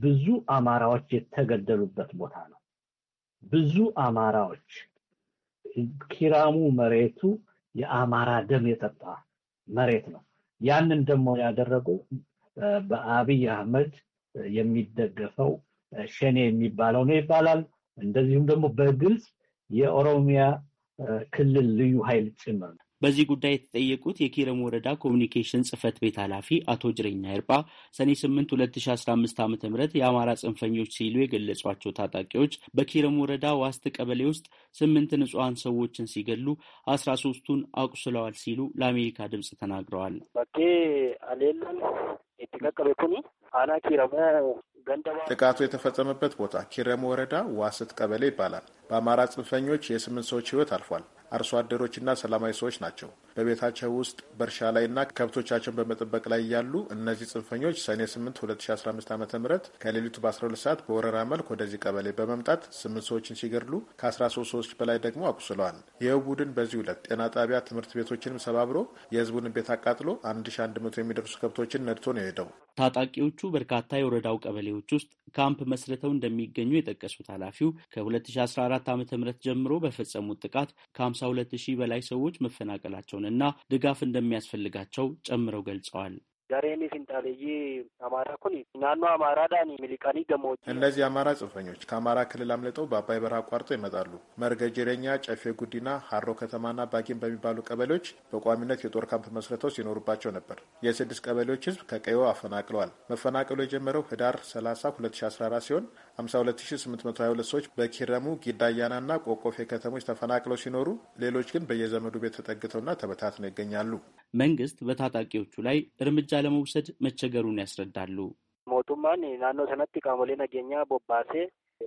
ብዙ አማራዎች የተገደሉበት ቦታ ነው። ብዙ አማራዎች ኪራሙ መሬቱ የአማራ ደም የጠጣ መሬት ነው። ያንን ደግሞ ያደረጉ በአብይ አህመድ የሚደገፈው ሸኔ የሚባለው ነው ይባላል። እንደዚሁም ደግሞ በግልጽ የኦሮሚያ ክልል ልዩ ኃይል ጭምር ነው። በዚህ ጉዳይ የተጠየቁት የኪረም ወረዳ ኮሚኒኬሽን ጽህፈት ቤት ኃላፊ አቶ ጅሬኛ ይርጳ ሰኔ 8 2015 ዓ ም የአማራ ጽንፈኞች ሲሉ የገለጿቸው ታጣቂዎች በኪረም ወረዳ ዋስት ቀበሌ ውስጥ ስምንት ንጹሐን ሰዎችን ሲገሉ አስራ ሶስቱን አቁስለዋል ሲሉ ለአሜሪካ ድምፅ ተናግረዋል። ጥቃቱ የተፈጸመበት ቦታ ኪረም ወረዳ ዋስት ቀበሌ ይባላል። በአማራ ጽንፈኞች የስምንት ሰዎች ህይወት አልፏል። አርሶ አደሮችና ሰላማዊ ሰዎች ናቸው። በቤታቸው ውስጥ በእርሻ ላይና ከብቶቻቸውን በመጠበቅ ላይ ያሉ እነዚህ ጽንፈኞች ሰኔ 8 2015 ዓ ም ከሌሊቱ በ12 ሰዓት በወረራ መልክ ወደዚህ ቀበሌ በመምጣት ስምንት ሰዎችን ሲገድሉ ከ13 ሰዎች በላይ ደግሞ አቁስለዋል። ይህ ቡድን በዚህ ሁለት ጤና ጣቢያ፣ ትምህርት ቤቶችንም ሰባብሮ የህዝቡን ቤት አቃጥሎ 1100 የሚደርሱ ከብቶችን ነድቶ ነው የሄደው። ታጣቂዎቹ በርካታ የወረዳው ቀበሌዎች ውስጥ ካምፕ መስርተው እንደሚገኙ የጠቀሱት ኃላፊው ከ2014 ዓ ም ጀምሮ በፈጸሙት ጥቃት ከ52000 በላይ ሰዎች መፈናቀላቸው እንደሆነና ድጋፍ እንደሚያስፈልጋቸው ጨምረው ገልጸዋል። ጋሬኒ ሲንጣልይ አማራ ኩኒ ናኖ አማራ ዳኒ ሚሊቃኒ ገሞ እነዚህ አማራ ጽንፈኞች ከአማራ ክልል አምልጠው በአባይ በረሃ አቋርጠው ይመጣሉ። መርገጅረኛ፣ ጨፌ ጉዲና፣ ሀሮ ከተማና ባጊን በሚባሉ ቀበሌዎች በቋሚነት የጦር ካምፕ መስረተው ሲኖሩባቸው ነበር። የስድስት ቀበሌዎች ህዝብ ከቀዮ አፈናቅለዋል። መፈናቀሉ የጀመረው ህዳር 30 2014 ሲሆን 52822 ሰዎች በኪረሙ ጊዳያናና ቆቆፌ ከተሞች ተፈናቅለው ሲኖሩ ሌሎች ግን በየዘመዱ ቤት ተጠግተውና ተበታትነው ይገኛሉ። መንግስት በታጣቂዎቹ ላይ እርምጃ ለመውሰድ መቸገሩን ያስረዳሉ። ሞቱማን ናኖ ሰነቲ ቃሞሌ ነገኛ ቦባሴ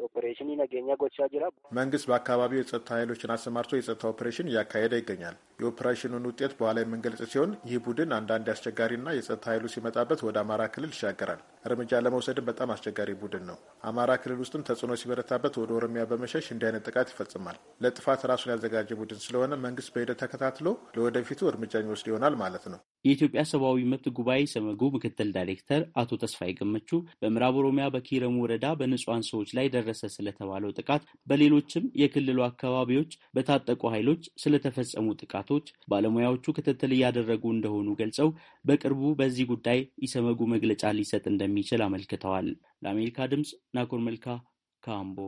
ኦፐሬሽን ነገኛ ጎቻ ጅራ መንግስት በአካባቢው የጸጥታ ኃይሎችን አሰማርቶ የጸጥታ ኦፕሬሽን እያካሄደ ይገኛል። የኦፐሬሽኑን ውጤት በኋላ የምንገልጽ ሲሆን ይህ ቡድን አንዳንድ አስቸጋሪና የጸጥታ ኃይሉ ሲመጣበት ወደ አማራ ክልል ይሻገራል። እርምጃ ለመውሰድም በጣም አስቸጋሪ ቡድን ነው። አማራ ክልል ውስጥም ተጽዕኖ ሲበረታበት ወደ ኦሮሚያ በመሸሽ እንዲህ አይነት ጥቃት ይፈጽማል። ለጥፋት ራሱን ያዘጋጀ ቡድን ስለሆነ መንግስት በሂደት ተከታትሎ ለወደፊቱ እርምጃ የሚወስድ ይሆናል ማለት ነው። የኢትዮጵያ ሰብአዊ መብት ጉባኤ ሰመጉ ምክትል ዳይሬክተር አቶ ተስፋ የገመቹ በምዕራብ ኦሮሚያ በኪረሙ ወረዳ በንጹሐን ሰዎች ላይ ደረሰ ስለተባለው ጥቃት፣ በሌሎችም የክልሉ አካባቢዎች በታጠቁ ኃይሎች ስለተፈጸሙ ጥቃቶች ባለሙያዎቹ ክትትል እያደረጉ እንደሆኑ ገልጸው በቅርቡ በዚህ ጉዳይ ኢሰመጉ መግለጫ ሊሰጥ እንደሚችል አመልክተዋል። ለአሜሪካ ድምፅ ናኮር መልካ ካምቦ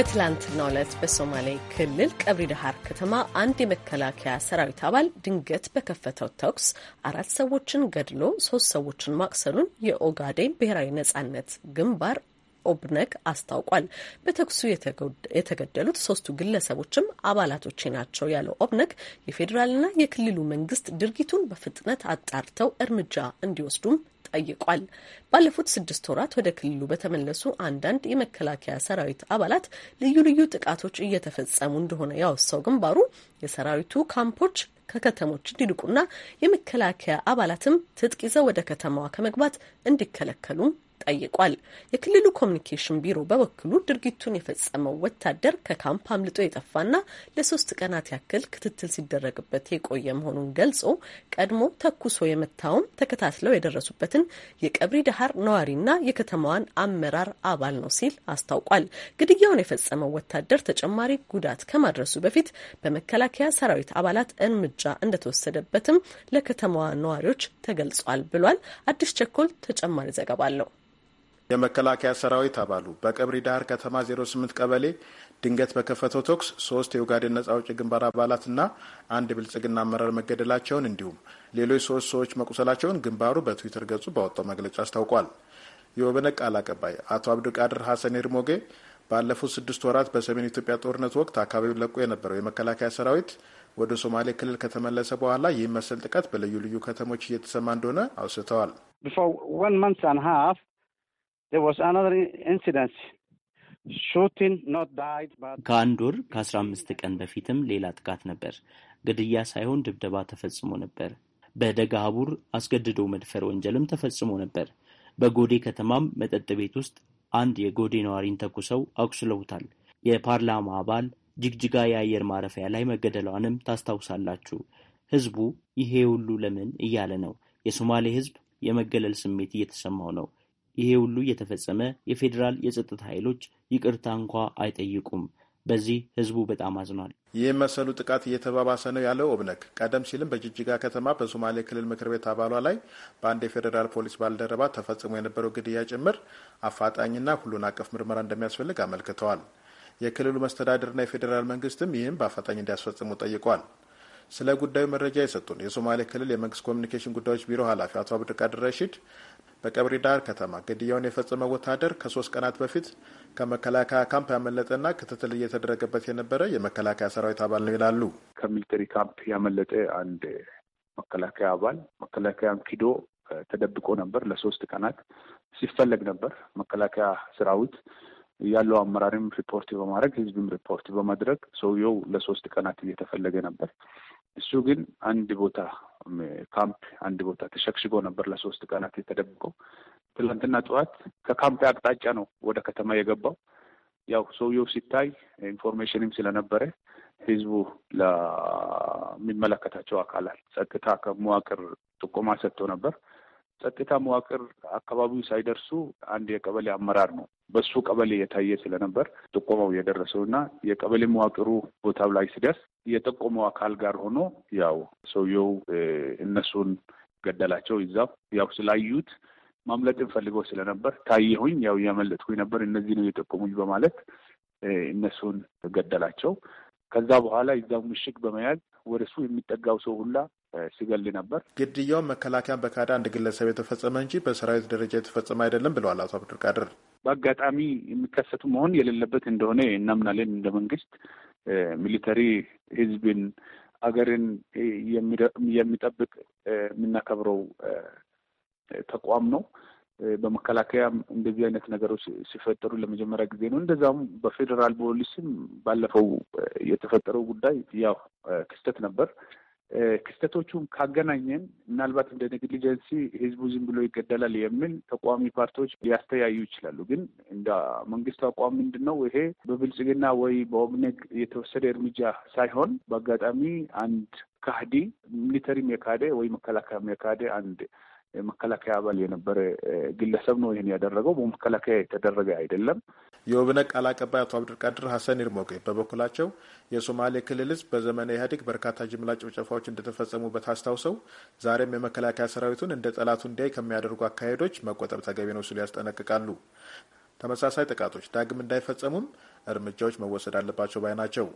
በትላንትና ዕለት በሶማሌ ክልል ቀብሪ ዳሃር ከተማ አንድ የመከላከያ ሰራዊት አባል ድንገት በከፈተው ተኩስ አራት ሰዎችን ገድሎ ሶስት ሰዎችን ማቅሰሉን የኦጋዴን ብሔራዊ ነጻነት ግንባር ኦብነግ አስታውቋል። በተኩሱ የተገደሉት ሶስቱ ግለሰቦችም አባላቶቼ ናቸው ያለው ኦብነግ የፌዴራልና የክልሉ መንግስት ድርጊቱን በፍጥነት አጣርተው እርምጃ እንዲወስዱም ጠይቋል። ባለፉት ስድስት ወራት ወደ ክልሉ በተመለሱ አንዳንድ የመከላከያ ሰራዊት አባላት ልዩ ልዩ ጥቃቶች እየተፈጸሙ እንደሆነ ያወሳው ግንባሩ የሰራዊቱ ካምፖች ከከተሞች እንዲልቁና የመከላከያ አባላትም ትጥቅ ይዘው ወደ ከተማዋ ከመግባት እንዲከለከሉም ጠይቋል። የክልሉ ኮሚኒኬሽን ቢሮ በበኩሉ ድርጊቱን የፈጸመው ወታደር ከካምፕ አምልጦ የጠፋና ለሶስት ቀናት ያክል ክትትል ሲደረግበት የቆየ መሆኑን ገልጾ ቀድሞ ተኩሶ የመታውም ተከታትለው የደረሱበትን የቀብሪ ዳሀር ነዋሪና የከተማዋን አመራር አባል ነው ሲል አስታውቋል። ግድያውን የፈጸመው ወታደር ተጨማሪ ጉዳት ከማድረሱ በፊት በመከላከያ ሰራዊት አባላት እርምጃ እንደተወሰደበትም ለከተማዋ ነዋሪዎች ተገልጿል ብሏል። አዲስ ቸኮል ተጨማሪ ዘገባ አለው። የመከላከያ ሰራዊት አባሉ በቀብሪ ዳህር ከተማ 08 ቀበሌ ድንገት በከፈተው ተኩስ ሶስት የኡጋዴን ነጻ አውጪ ግንባር አባላትና አንድ ብልጽግና አመራር መገደላቸውን እንዲሁም ሌሎች ሶስት ሰዎች መቁሰላቸውን ግንባሩ በትዊተር ገጹ ባወጣው መግለጫ አስታውቋል። የወበነ ቃል አቀባይ አቶ አብዱልቃድር ሐሰን ኤርሞጌ ባለፉት ስድስት ወራት በሰሜን ኢትዮጵያ ጦርነት ወቅት አካባቢውን ለቆ የነበረው የመከላከያ ሰራዊት ወደ ሶማሌ ክልል ከተመለሰ በኋላ ይህ መሰል ጥቃት በልዩ ልዩ ከተሞች እየተሰማ እንደሆነ አውስተዋል። There was another incident. ከአንድ ወር ከ15 ቀን በፊትም ሌላ ጥቃት ነበር። ግድያ ሳይሆን ድብደባ ተፈጽሞ ነበር። በደጋሀቡር አስገድዶ መድፈር ወንጀልም ተፈጽሞ ነበር። በጎዴ ከተማም መጠጥ ቤት ውስጥ አንድ የጎዴ ነዋሪን ተኩሰው አቁስለውታል። የፓርላማ አባል ጅግጅጋ የአየር ማረፊያ ላይ መገደሏንም ታስታውሳላችሁ። ህዝቡ ይሄ ሁሉ ለምን እያለ ነው። የሶማሌ ህዝብ የመገለል ስሜት እየተሰማው ነው። ይሄ ሁሉ እየተፈጸመ የፌዴራል የጸጥታ ኃይሎች ይቅርታ እንኳ አይጠይቁም። በዚህ ህዝቡ በጣም አዝኗል። ይህ መሰሉ ጥቃት እየተባባሰ ነው ያለው ኦብነግ ቀደም ሲልም በጅጅጋ ከተማ በሶማሌ ክልል ምክር ቤት አባሏ ላይ በአንድ የፌዴራል ፖሊስ ባልደረባ ተፈጽሞ የነበረው ግድያ ጭምር አፋጣኝና ሁሉን አቀፍ ምርመራ እንደሚያስፈልግ አመልክተዋል። የክልሉ መስተዳድርና የፌዴራል መንግስትም ይህም በአፋጣኝ እንዲያስፈጽሙ ጠይቋል። ስለ ጉዳዩ መረጃ የሰጡን የሶማሌ ክልል የመንግስት ኮሚኒኬሽን ጉዳዮች ቢሮ ኃላፊ አቶ አብዱልቃድር ረሺድ በቀብሪ ዳር ከተማ ግድያውን የፈጸመው ወታደር ከሶስት ቀናት በፊት ከመከላከያ ካምፕ ያመለጠና ክትትል እየተደረገበት የነበረ የመከላከያ ሰራዊት አባል ነው ይላሉ። ከሚሊተሪ ካምፕ ያመለጠ አንድ መከላከያ አባል መከላከያም ኪዶ ተደብቆ ነበር። ለሶስት ቀናት ሲፈለግ ነበር። መከላከያ ሰራዊት ያለው አመራርም ሪፖርት በማድረግ ህዝብም ሪፖርት በማድረግ ሰውየው ለሶስት ቀናት እየተፈለገ ነበር። እሱ ግን አንድ ቦታ ካምፕ አንድ ቦታ ተሸክሽጎ ነበር ለሶስት ቀናት የተደብቀው። ትላንትና ጠዋት ከካምፕ አቅጣጫ ነው ወደ ከተማ የገባው። ያው ሰውየው ሲታይ ኢንፎርሜሽንም ስለነበረ ህዝቡ ለሚመለከታቸው አካላት ጸጥታ ከመዋቅር ጥቆማ ሰጥቶ ነበር። ጸጥታ መዋቅር አካባቢው ሳይደርሱ አንድ የቀበሌ አመራር ነው በሱ ቀበሌ የታየ ስለነበር ጥቆመው የደረሰው እና የቀበሌ መዋቅሩ ቦታው ላይ ሲደርስ የጠቆመው አካል ጋር ሆኖ ያው ሰውየው እነሱን ገደላቸው። ይዛው ያው ስላዩት ማምለጥን ፈልገው ስለነበር ታየሁኝ፣ ያው እያመለጥኩኝ ነበር፣ እነዚህ ነው የጠቆሙኝ በማለት እነሱን ገደላቸው። ከዛ በኋላ ይዛው ምሽግ በመያዝ ወደ እሱ የሚጠጋው ሰው ሁላ ሲገል ነበር። ግድያው መከላከያን በካዳ አንድ ግለሰብ የተፈጸመ እንጂ በሰራዊት ደረጃ የተፈጸመ አይደለም ብለዋል አቶ አብዱልቃድር። በአጋጣሚ የሚከሰቱ መሆን የሌለበት እንደሆነ እናምናለን። እንደ መንግስት ሚሊተሪ ህዝብን፣ አገርን የሚጠብቅ የምናከብረው ተቋም ነው። በመከላከያም እንደዚህ አይነት ነገሮች ሲፈጠሩ ለመጀመሪያ ጊዜ ነው። እንደዛም በፌዴራል ፖሊስም ባለፈው የተፈጠረው ጉዳይ ያው ክስተት ነበር። ክስተቶቹን ካገናኘን ምናልባት እንደ ኔግሊጀንሲ ህዝቡ ዝም ብሎ ይገደላል የሚል ተቃዋሚ ፓርቲዎች ሊያስተያዩ ይችላሉ። ግን እንደ መንግስት አቋም ምንድን ነው ይሄ በብልጽግና ወይ በኦብነግ የተወሰደ እርምጃ ሳይሆን በአጋጣሚ አንድ ካህዲ ሚሊተሪም የካደ ወይ መከላከያም የካደ አንድ መከላከያ አባል የነበረ ግለሰብ ነው ይህን ያደረገው። በመከላከያ የተደረገ አይደለም። የውብነ ቃል አቀባይ አቶ አብዱልቃድር ሀሰን ይርሞጌ በበኩላቸው የሶማሌ ክልል ህዝብ በዘመነ ኢህአዴግ በርካታ ጅምላ ጭፍጨፋዎች እንደተፈጸሙበት አስታውሰው ዛሬም የመከላከያ ሰራዊቱን እንደ ጠላቱ እንዲያይ ከሚያደርጉ አካሄዶች መቆጠብ ተገቢ ነው ሲሉ ያስጠነቅቃሉ። ተመሳሳይ ጥቃቶች ዳግም እንዳይፈጸሙም እርምጃዎች መወሰድ አለባቸው ባይ ናቸው።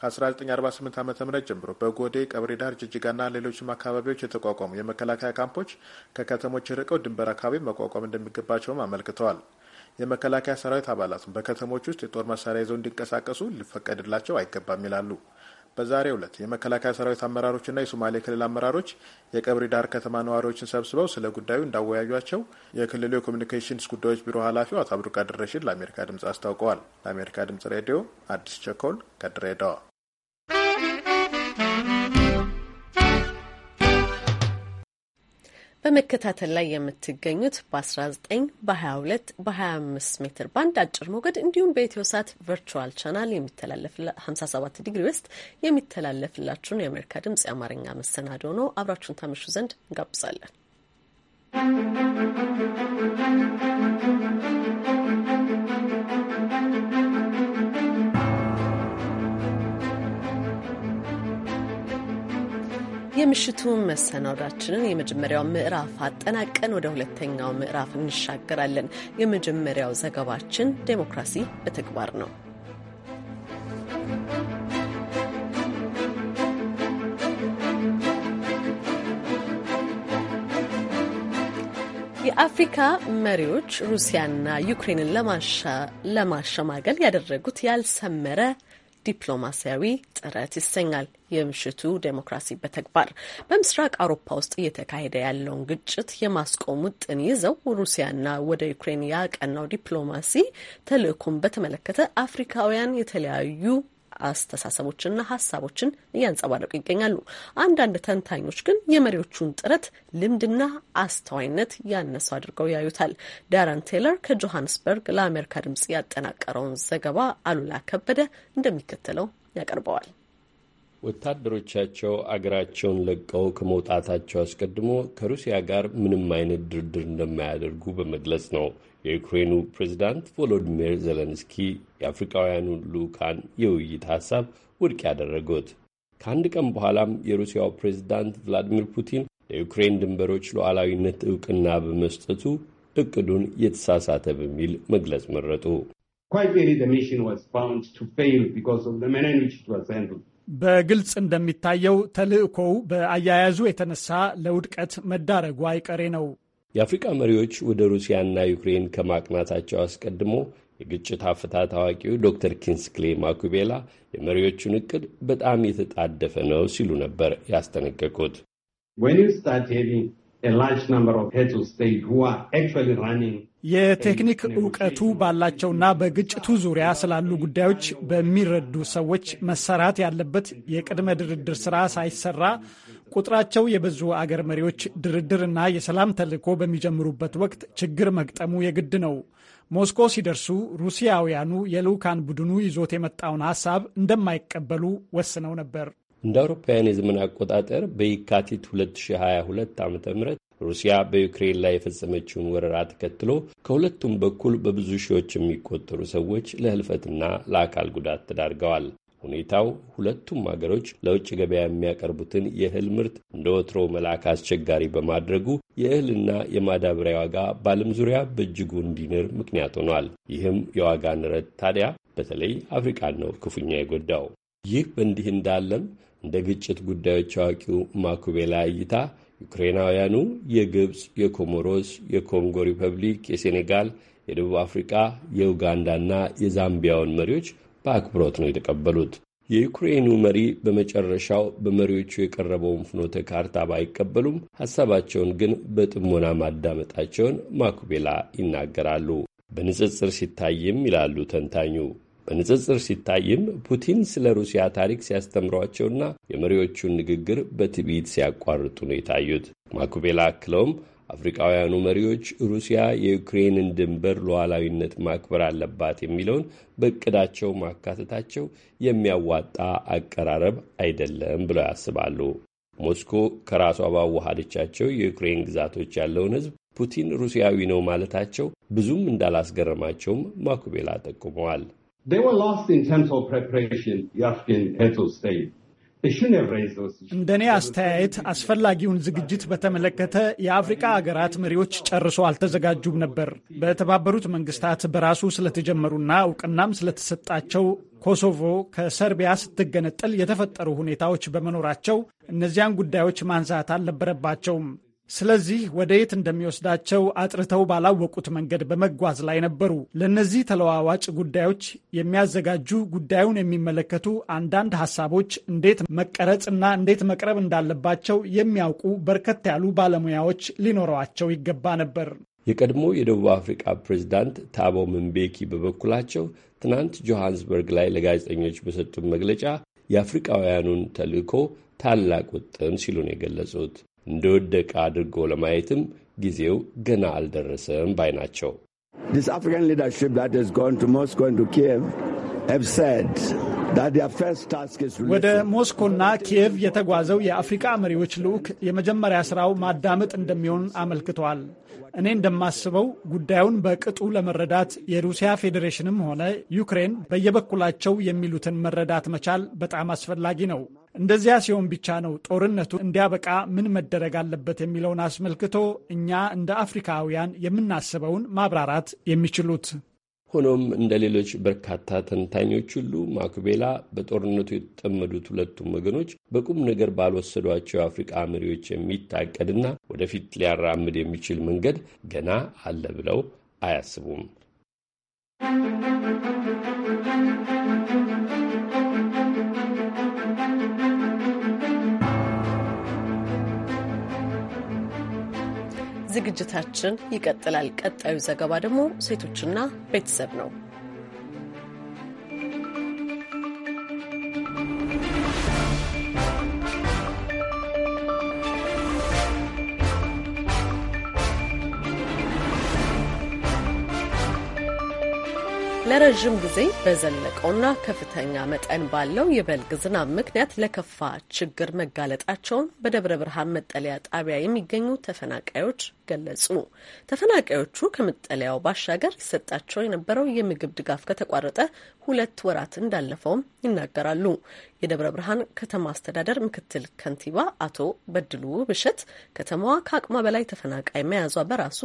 ከ1948 ዓ ም ጀምሮ በጎዴ ቀብሬ ዳር፣ ጅጅጋና ሌሎችም አካባቢዎች የተቋቋሙ የመከላከያ ካምፖች ከከተሞች ርቀው ድንበር አካባቢ መቋቋም እንደሚገባቸውም አመልክተዋል። የመከላከያ ሰራዊት አባላቱም በከተሞች ውስጥ የጦር መሳሪያ ይዘው እንዲንቀሳቀሱ ሊፈቀድላቸው አይገባም ይላሉ። በዛሬው ዕለት የመከላከያ ሰራዊት አመራሮችና የሶማሌ ክልል አመራሮች የቀብሪ ዳር ከተማ ነዋሪዎችን ሰብስበው ስለ ጉዳዩ እንዳወያዩቸው የክልሉ የኮሚኒኬሽንስ ጉዳዮች ቢሮ ኃላፊው አቶ አብዱቃድር ረሽድ ለአሜሪካ ድምጽ አስታውቀዋል። ለአሜሪካ ድምጽ ሬዲዮ አዲስ ቸኮል ከድሬዳዋ በመከታተል ላይ የምትገኙት በ19 በ22 በ25 ሜትር ባንድ አጭር ሞገድ እንዲሁም በኢትዮ ሳት ቨርቹዋል ቻናል የሚተላለፍ 57 ዲግሪ ውስጥ የሚተላለፍላችሁን የአሜሪካ ድምጽ የአማርኛ መሰናዶ ነው። አብራችሁን ታመሹ ዘንድ እንጋብዛለን። የምሽቱ መሰናዷችንን የመጀመሪያው ምዕራፍ አጠናቀን ወደ ሁለተኛው ምዕራፍ እንሻገራለን። የመጀመሪያው ዘገባችን ዴሞክራሲ በተግባር ነው። የአፍሪካ መሪዎች ሩሲያና ዩክሬንን ለማሸማገል ያደረጉት ያልሰመረ ዲፕሎማሲያዊ ጥረት ይሰኛል የምሽቱ ዴሞክራሲ በተግባር በምስራቅ አውሮፓ ውስጥ እየተካሄደ ያለውን ግጭት የማስቆም ውጥን ይዘው ሩሲያና ወደ ዩክሬን ያቀናው ዲፕሎማሲ ተልዕኮን በተመለከተ አፍሪካውያን የተለያዩ አስተሳሰቦችና ሀሳቦችን እያንጸባረቁ ይገኛሉ። አንዳንድ ተንታኞች ግን የመሪዎቹን ጥረት ልምድና አስተዋይነት ያነሱ አድርገው ያዩታል። ዳረን ቴለር ከጆሃንስበርግ ለአሜሪካ ድምጽ ያጠናቀረውን ዘገባ አሉላ ከበደ እንደሚከተለው ያቀርበዋል። ወታደሮቻቸው አገራቸውን ለቀው ከመውጣታቸው አስቀድሞ ከሩሲያ ጋር ምንም አይነት ድርድር እንደማያደርጉ በመግለጽ ነው የዩክሬኑ ፕሬዚዳንት ቮሎዲሚር ዜሌንስኪ የአፍሪካውያኑ ልዑካን የውይይት ሐሳብ ውድቅ ያደረጉት። ከአንድ ቀን በኋላም የሩሲያው ፕሬዚዳንት ቭላዲሚር ፑቲን ለዩክሬን ድንበሮች ሉዓላዊነት እውቅና በመስጠቱ እቅዱን የተሳሳተ በሚል መግለጽ መረጡ። በግልጽ እንደሚታየው ተልዕኮው በአያያዙ የተነሳ ለውድቀት መዳረጉ አይቀሬ ነው። የአፍሪቃ መሪዎች ወደ ሩሲያና ዩክሬን ከማቅናታቸው አስቀድሞ የግጭት አፍታ ታዋቂው ዶክተር ኪንስክሌ ማኩቤላ የመሪዎቹን እቅድ በጣም የተጣደፈ ነው ሲሉ ነበር ያስጠነቀቁት። የቴክኒክ እውቀቱ ባላቸውና በግጭቱ ዙሪያ ስላሉ ጉዳዮች በሚረዱ ሰዎች መሰራት ያለበት የቅድመ ድርድር ስራ ሳይሰራ ቁጥራቸው የበዙ አገር መሪዎች ድርድርና የሰላም ተልዕኮ በሚጀምሩበት ወቅት ችግር መግጠሙ የግድ ነው። ሞስኮ ሲደርሱ ሩሲያውያኑ የልዑካን ቡድኑ ይዞት የመጣውን ሐሳብ እንደማይቀበሉ ወስነው ነበር። እንደ አውሮፓውያን የዘመን አቆጣጠር በየካቲት 2022 ዓ ም ሩሲያ በዩክሬን ላይ የፈጸመችውን ወረራ ተከትሎ ከሁለቱም በኩል በብዙ ሺዎች የሚቆጠሩ ሰዎች ለህልፈትና ለአካል ጉዳት ተዳርገዋል። ሁኔታው ሁለቱም አገሮች ለውጭ ገበያ የሚያቀርቡትን የእህል ምርት እንደ ወትሮ መላክ አስቸጋሪ በማድረጉ የእህልና የማዳበሪያ ዋጋ በዓለም ዙሪያ በእጅጉ እንዲንር ምክንያት ሆኗል። ይህም የዋጋ ንረት ታዲያ በተለይ አፍሪቃን ነው ክፉኛ የጎዳው። ይህ በእንዲህ እንዳለም እንደ ግጭት ጉዳዮች አዋቂው ማኩቤላ እይታ ዩክሬናውያኑ የግብፅ፣ የኮሞሮስ፣ የኮንጎ ሪፐብሊክ፣ የሴኔጋል፣ የደቡብ አፍሪቃ፣ የኡጋንዳና የዛምቢያውን መሪዎች በአክብሮት ነው የተቀበሉት። የዩክሬኑ መሪ በመጨረሻው በመሪዎቹ የቀረበውን ፍኖተ ካርታ ባይቀበሉም ሐሳባቸውን ግን በጥሞና ማዳመጣቸውን ማኩቤላ ይናገራሉ። በንጽጽር ሲታይም ይላሉ ተንታኙ በንጽጽር ሲታይም ፑቲን ስለ ሩሲያ ታሪክ ሲያስተምሯቸውና የመሪዎቹን ንግግር በትዕቢት ሲያቋርጡ ነው የታዩት። ማኩቤላ አክለውም አፍሪካውያኑ መሪዎች ሩሲያ የዩክሬንን ድንበር ሉዓላዊነት ማክበር አለባት የሚለውን በእቅዳቸው ማካተታቸው የሚያዋጣ አቀራረብ አይደለም ብለው ያስባሉ። ሞስኮ ከራሷ ባዋሃደቻቸው የዩክሬን ግዛቶች ያለውን ሕዝብ ፑቲን ሩሲያዊ ነው ማለታቸው ብዙም እንዳላስገረማቸውም ማኩቤላ ጠቁመዋል። እንደኔ አስተያየት አስፈላጊውን ዝግጅት በተመለከተ የአፍሪካ ሀገራት መሪዎች ጨርሶ አልተዘጋጁም ነበር። በተባበሩት መንግስታት በራሱ ስለተጀመሩና እውቅናም ስለተሰጣቸው ኮሶቮ ከሰርቢያ ስትገነጠል የተፈጠሩ ሁኔታዎች በመኖራቸው እነዚያን ጉዳዮች ማንሳት አልነበረባቸውም። ስለዚህ ወደ የት እንደሚወስዳቸው አጥርተው ባላወቁት መንገድ በመጓዝ ላይ ነበሩ። ለእነዚህ ተለዋዋጭ ጉዳዮች የሚያዘጋጁ ጉዳዩን የሚመለከቱ አንዳንድ ሀሳቦች እንዴት መቀረጽ እና እንዴት መቅረብ እንዳለባቸው የሚያውቁ በርከት ያሉ ባለሙያዎች ሊኖረዋቸው ይገባ ነበር። የቀድሞ የደቡብ አፍሪካ ፕሬዚዳንት ታቦ ምንቤኪ በበኩላቸው ትናንት ጆሃንስበርግ ላይ ለጋዜጠኞች በሰጡት መግለጫ የአፍሪቃውያኑን ተልዕኮ ታላቅ ውጥን ሲሉ ነው የገለጹት። እንደወደቀ አድርጎ ለማየትም ጊዜው ገና አልደረሰም ባይ ናቸው። ወደ ሞስኮና ኪየቭ የተጓዘው የአፍሪቃ መሪዎች ልዑክ የመጀመሪያ ሥራው ማዳመጥ እንደሚሆን አመልክተዋል። እኔ እንደማስበው ጉዳዩን በቅጡ ለመረዳት የሩሲያ ፌዴሬሽንም ሆነ ዩክሬን በየበኩላቸው የሚሉትን መረዳት መቻል በጣም አስፈላጊ ነው። እንደዚያ ሲሆን ብቻ ነው ጦርነቱ እንዲያበቃ ምን መደረግ አለበት የሚለውን አስመልክቶ እኛ እንደ አፍሪካውያን የምናስበውን ማብራራት የሚችሉት። ሆኖም እንደ ሌሎች በርካታ ተንታኞች ሁሉ ማኩቤላ በጦርነቱ የተጠመዱት ሁለቱም ወገኖች በቁም ነገር ባልወሰዷቸው የአፍሪቃ መሪዎች የሚታቀድና ወደፊት ሊያራምድ የሚችል መንገድ ገና አለ ብለው አያስቡም። ዝግጅታችን ይቀጥላል። ቀጣዩ ዘገባ ደግሞ ሴቶችና ቤተሰብ ነው። ለረዥም ጊዜ በዘለቀውና ከፍተኛ መጠን ባለው የበልግ ዝናብ ምክንያት ለከፋ ችግር መጋለጣቸውን በደብረ ብርሃን መጠለያ ጣቢያ የሚገኙ ተፈናቃዮች ገለጹ። ተፈናቃዮቹ ከመጠለያው ባሻገር ይሰጣቸው የነበረው የምግብ ድጋፍ ከተቋረጠ ሁለት ወራት እንዳለፈውም ይናገራሉ። የደብረ ብርሃን ከተማ አስተዳደር ምክትል ከንቲባ አቶ በድሉ ብሸት ከተማዋ ከአቅሟ በላይ ተፈናቃይ መያዟ በራሱ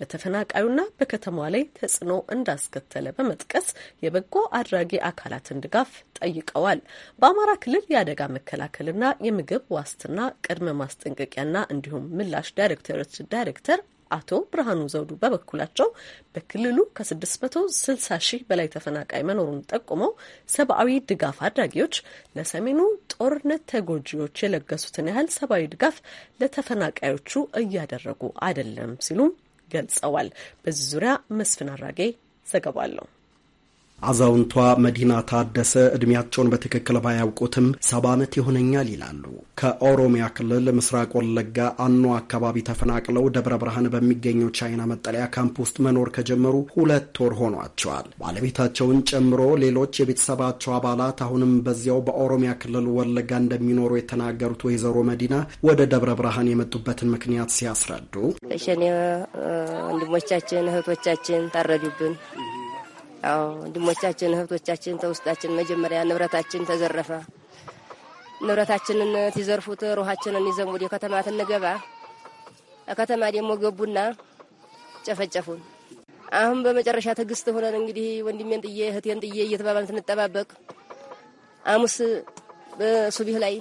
በተፈናቃዩና በከተማዋ ላይ ተጽዕኖ እንዳስከተለ በመጥቀ በመቀስቀስ የበጎ አድራጊ አካላትን ድጋፍ ጠይቀዋል። በአማራ ክልል የአደጋ መከላከልና የምግብ ዋስትና ቅድመ ማስጠንቀቂያና እንዲሁም ምላሽ ዳይሬክተሮች ዳይሬክተር አቶ ብርሃኑ ዘውዱ በበኩላቸው በክልሉ ከ660 ሺህ በላይ ተፈናቃይ መኖሩን ጠቁመው ሰብአዊ ድጋፍ አድራጊዎች ለሰሜኑ ጦርነት ተጎጂዎች የለገሱትን ያህል ሰብአዊ ድጋፍ ለተፈናቃዮቹ እያደረጉ አይደለም ሲሉም ገልጸዋል። በዚህ ዙሪያ መስፍን አራጌ ዘገባ አለው። አዛውንቷ መዲና ታደሰ እድሜያቸውን በትክክል ባያውቁትም ሰባ ዓመት ይሆነኛል ይላሉ። ከኦሮሚያ ክልል ምስራቅ ወለጋ አኖ አካባቢ ተፈናቅለው ደብረ ብርሃን በሚገኘው ቻይና መጠለያ ካምፕ ውስጥ መኖር ከጀመሩ ሁለት ወር ሆኗቸዋል። ባለቤታቸውን ጨምሮ ሌሎች የቤተሰባቸው አባላት አሁንም በዚያው በኦሮሚያ ክልል ወለጋ እንደሚኖሩ የተናገሩት ወይዘሮ መዲና ወደ ደብረ ብርሃን የመጡበትን ምክንያት ሲያስረዱ ሸኔ ወንድሞቻችን እህቶቻችን ታረዱብን አዎ ወንድሞቻችን እህቶቻችን ተውስጣችን መጀመሪያ ንብረታችን ተዘረፈ። ንብረታችንን ሲዘርፉት ሩሃችንን ይዘን ወደ ከተማ ትንገባ ከተማ ደግሞ ገቡና ጨፈጨፉን። አሁን በመጨረሻ ትዕግስት ሆነን እንግዲህ ወንድሜን ጥዬ እህቴን ጥዬ እየተባባልን ስንጠባበቅ አሙስ በሱቢህ ላይ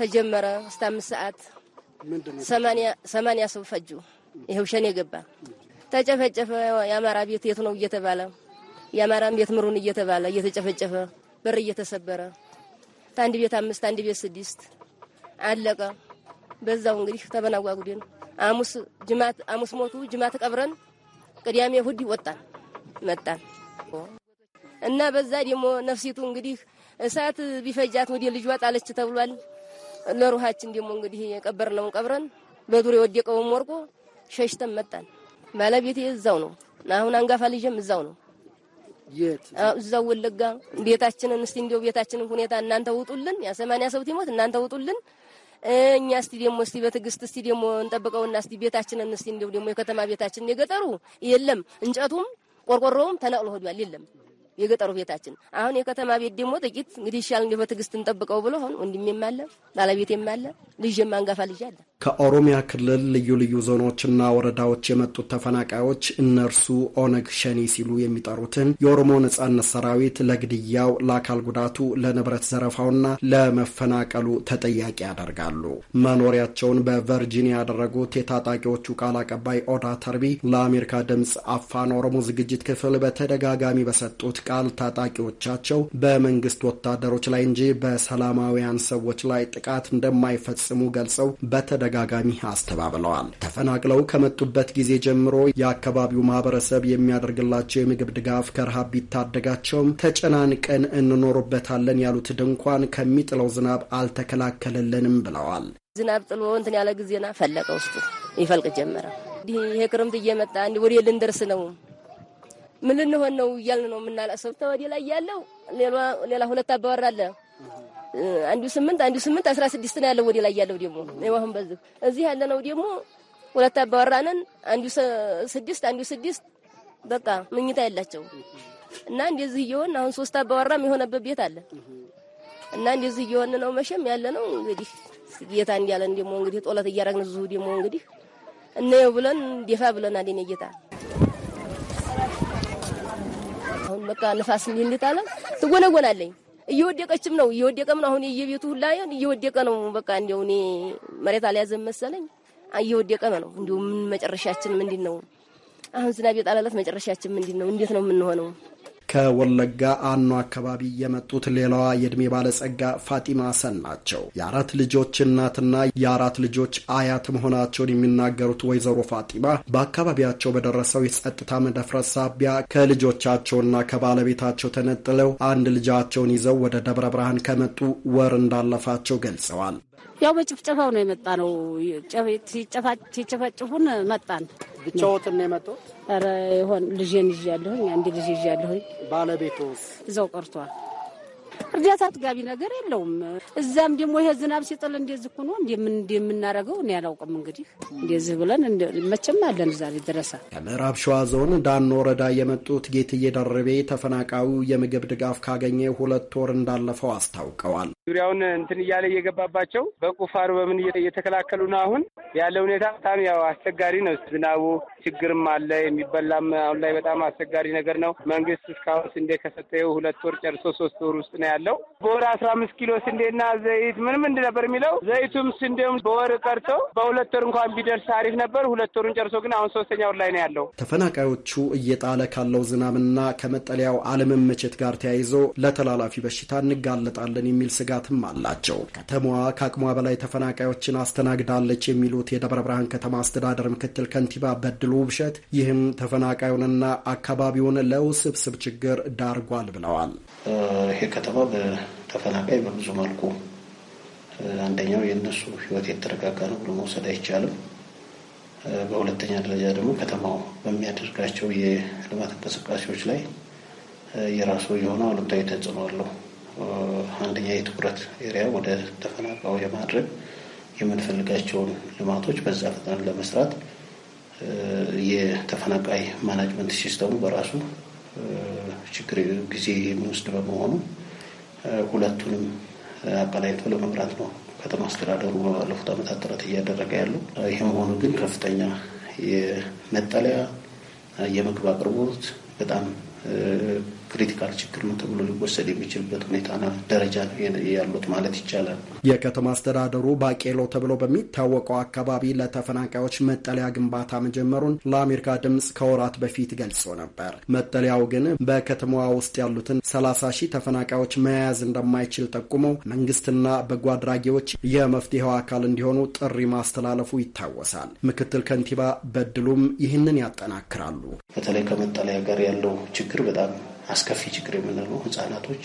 ተጀመረ እስከ አምስት ሰዓት ሰማንያ ሰው ፈጁ። ይኸው ሸኔ ገባ፣ ተጨፈጨፈ። የአማራ ቤት የት ነው እየተባለ የአማራም ቤት ምሩን እየተባለ እየተጨፈጨፈ በር እየተሰበረ አንድ ቤት አምስት አንድ ቤት ስድስት አለቀ። በዛው እንግዲህ ተበናጓጉድን አሙስ ጅማት አሙስ ሞቱ ጅማት ቀብረን ቅዳሜ እሑድ ወጣን መጣን እና በዛ ደግሞ ነፍሲቱ እንግዲህ እሳት ቢፈጃት ወደ ልጇ ጣለች ተብሏል። ለሩሃችን ደግሞ እንግዲህ የቀበርነውን ቀብረን በዱር የወደቀውን ወርቆ ሸሽተን መጣን። ባለቤቴ እዛው ነው። አሁን አንጋፋ ልጅም እዛው ነው። እዛው ወለጋ ቤታችንን እስቲ እንዲያው ቤታችንን ሁኔታ እናንተ ውጡልን፣ ያ ሰማንያ ሰው ቲሞት እናንተ ውጡልን። እኛ እስቲ ደግሞ እስቲ በትዕግስት እስቲ ደግሞ እንጠብቀውና እስቲ ቤታችንን እስቲ እንዲያው ደግሞ የከተማ ቤታችንን የገጠሩ የለም እንጨቱም ቆርቆሮውም ተነቅሎ ሆዷል የለም የገጠሩ ቤታችን። አሁን የከተማ ቤት ደግሞ ጥቂት እንግዲህ ይሻል እንደ በትዕግስት እንጠብቀው ብሎ አሁን ወንድሜም አለ ባለቤቴም አለ ልጅ የማንጋፋ ልጅ አለ። ከኦሮሚያ ክልል ልዩ ልዩ ዞኖችና ወረዳዎች የመጡት ተፈናቃዮች እነርሱ ኦነግ ሸኔ ሲሉ የሚጠሩትን የኦሮሞ ነጻነት ሰራዊት ለግድያው፣ ለአካል ጉዳቱ፣ ለንብረት ዘረፋውና ለመፈናቀሉ ተጠያቂ ያደርጋሉ። መኖሪያቸውን በቨርጂኒያ ያደረጉት የታጣቂዎቹ ቃል አቀባይ ኦዳ ተርቢ ለአሜሪካ ድምፅ አፋን ኦሮሞ ዝግጅት ክፍል በተደጋጋሚ በሰጡት ቃል ታጣቂዎቻቸው በመንግስት ወታደሮች ላይ እንጂ በሰላማውያን ሰዎች ላይ ጥቃት እንደማይፈጽሙ ገልጸው በተደጋጋሚ አስተባብለዋል። ተፈናቅለው ከመጡበት ጊዜ ጀምሮ የአካባቢው ማህበረሰብ የሚያደርግላቸው የምግብ ድጋፍ ከረሃብ ቢታደጋቸውም ተጨናንቀን እንኖርበታለን ያሉት ድንኳን ከሚጥለው ዝናብ አልተከላከለልንም ብለዋል። ዝናብ ጥሎ እንትን ያለ ጊዜና ፈለቀ ውስጡ ይፈልቅ ጀመረ። ይሄ ክርምት እየመጣ ወደ ልንደርስ ነው ምን ልንሆን ነው እያልን ነው የምናላሰው። ተወዲህ ላይ ያለው ሌላ ሁለት አባወራ አለ። አንዱ ስምንት አንዱ ስምንት አስራ ስድስት ነው ያለው። ወዲህ ላይ ያለው ደግሞ ይኸው በዚህ እዚህ ያለ ነው ደግሞ ሁለት አባወራ ነን። አንዱ ስድስት አንዱ ስድስት በቃ ምኝታ የላቸው እና እንደዚህ እየሆን አሁን ሶስት አባወራም የሆነበት ቤት አለ እና እንደዚህ እየሆን ነው መሸም ያለ ነው እንግዲህ ጌታ እንዲያለን ደግሞ እንግዲህ ጦለት እያደረግን እዚሁ ደግሞ እንግዲህ እነየው ብለን ደፋ ብለን አደኔ ጌታ በቃ ንፋስ እንዲጣለ ትጎነጎናለኝ። እየወደቀችም ነው እየወደቀም ነው። አሁን እየቤቱ ሁላ እየወደቀ ነው። በቃ እንደው እኔ መሬት አልያዘም መሰለኝ እየወደቀ ነው። እንዲሁ ምን መጨረሻችን ምንድን ነው? አሁን ዝናብ የጣለለት መጨረሻችን ምንድን ነው? እንዴት ነው የምንሆነው? ከወለጋ አኗ አካባቢ የመጡት ሌላዋ የእድሜ ባለጸጋ ፋጢማ ሰን ናቸው። የአራት ልጆች እናትና የአራት ልጆች አያት መሆናቸውን የሚናገሩት ወይዘሮ ፋጢማ በአካባቢያቸው በደረሰው የጸጥታ መደፍረስ ሳቢያ ከልጆቻቸውና ከባለቤታቸው ተነጥለው አንድ ልጃቸውን ይዘው ወደ ደብረ ብርሃን ከመጡ ወር እንዳለፋቸው ገልጸዋል። ያው በጭፍጨፋው ነው የመጣ ነው። ሲጨፋጭፉን መጣን። ብቻዎትን ነው የመጡት? ኧረ ይሆን ልጄን ይዤ ያለሁኝ አንድ ልጄ ይዤ ያለሁኝ። ባለቤቱ እዛው ቀርቷል። እርዳታ አጥጋቢ ነገር የለውም። እዛም ደግሞ ይሄ ዝናብ ሲጥል እንደዚህ ሆኖ እንደምናደርገው እኔ አላውቅም። እንግዲህ እንደዚህ ብለን መቼም አለን ዛሬ ድረሳ ከምዕራብ ሸዋ ዞን ዳኖ ወረዳ የመጡት ጌትዬ ደርቤ ተፈናቃዩ የምግብ ድጋፍ ካገኘ ሁለት ወር እንዳለፈው አስታውቀዋል። ዙሪያውን እንትን እያለ እየገባባቸው በቁፋሮ በምን እየተከላከሉ ነው። አሁን ያለ ሁኔታ በጣም ያው አስቸጋሪ ነው። ዝናቡ ችግርም አለ። የሚበላም አሁን ላይ በጣም አስቸጋሪ ነገር ነው። መንግስት እስካሁን ስንዴ ከሰጠው ሁለት ወር ጨርሶ ሶስት ወር ውስጥ ነው ያለ አለው። በወር አስራ አምስት ኪሎ ስንዴና ዘይት ምንም እንድ ነበር የሚለው ዘይቱም ስንዴም በወር ቀርቶ በሁለት ወር እንኳን ቢደርስ አሪፍ ነበር። ሁለት ወሩን ጨርሶ ግን አሁን ሶስተኛ ወር ላይ ነው ያለው። ተፈናቃዮቹ እየጣለ ካለው ዝናብና ከመጠለያው አለመመቸት ጋር ተያይዞ ለተላላፊ በሽታ እንጋለጣለን የሚል ስጋትም አላቸው። ከተማዋ ከአቅሟ በላይ ተፈናቃዮችን አስተናግዳለች የሚሉት የደብረ ብርሃን ከተማ አስተዳደር ምክትል ከንቲባ በድሉ ውብሸት ይህም ተፈናቃዩንና አካባቢውን ለውስብስብ ችግር ዳርጓል ብለዋል። ይሄ ከተማ ተፈናቃይ በብዙ መልኩ አንደኛው የእነሱ ህይወት የተረጋጋ ነው ብሎ መውሰድ አይቻልም። በሁለተኛ ደረጃ ደግሞ ከተማው በሚያደርጋቸው የልማት እንቅስቃሴዎች ላይ የራሱ የሆነ አሉታዊ ተጽዕኖ አለው። አንደኛ የትኩረት ኤሪያ ወደ ተፈናቃው የማድረግ የምንፈልጋቸውን ልማቶች በዛ ፍጥነት ለመስራት የተፈናቃይ ማናጅመንት ሲስተሙ በራሱ ችግር ጊዜ የሚወስድ በመሆኑ ሁለቱንም አቀላይቶ ለመምራት ነው ከተማ አስተዳደሩ ባለፉት ዓመታት ጥረት እያደረገ ያለው። ይህ መሆኑ ግን ከፍተኛ የመጠለያ የምግብ አቅርቦት በጣም ክሪቲካል ችግር ነው ተብሎ ሊወሰድ የሚችልበት ሁኔታና ደረጃ ያሉት ማለት ይቻላል። የከተማ አስተዳደሩ ባቄሎ ተብሎ በሚታወቀው አካባቢ ለተፈናቃዮች መጠለያ ግንባታ መጀመሩን ለአሜሪካ ድምፅ ከወራት በፊት ገልጾ ነበር። መጠለያው ግን በከተማዋ ውስጥ ያሉትን ሰላሳ ሺህ ተፈናቃዮች መያዝ እንደማይችል ጠቁሞ መንግስትና በጎ አድራጊዎች የመፍትሄው አካል እንዲሆኑ ጥሪ ማስተላለፉ ይታወሳል። ምክትል ከንቲባ በድሉም ይህንን ያጠናክራሉ። በተለይ ከመጠለያ ጋር ያለው ችግር በጣም አስከፊ ችግር የምንለው ህጻናቶች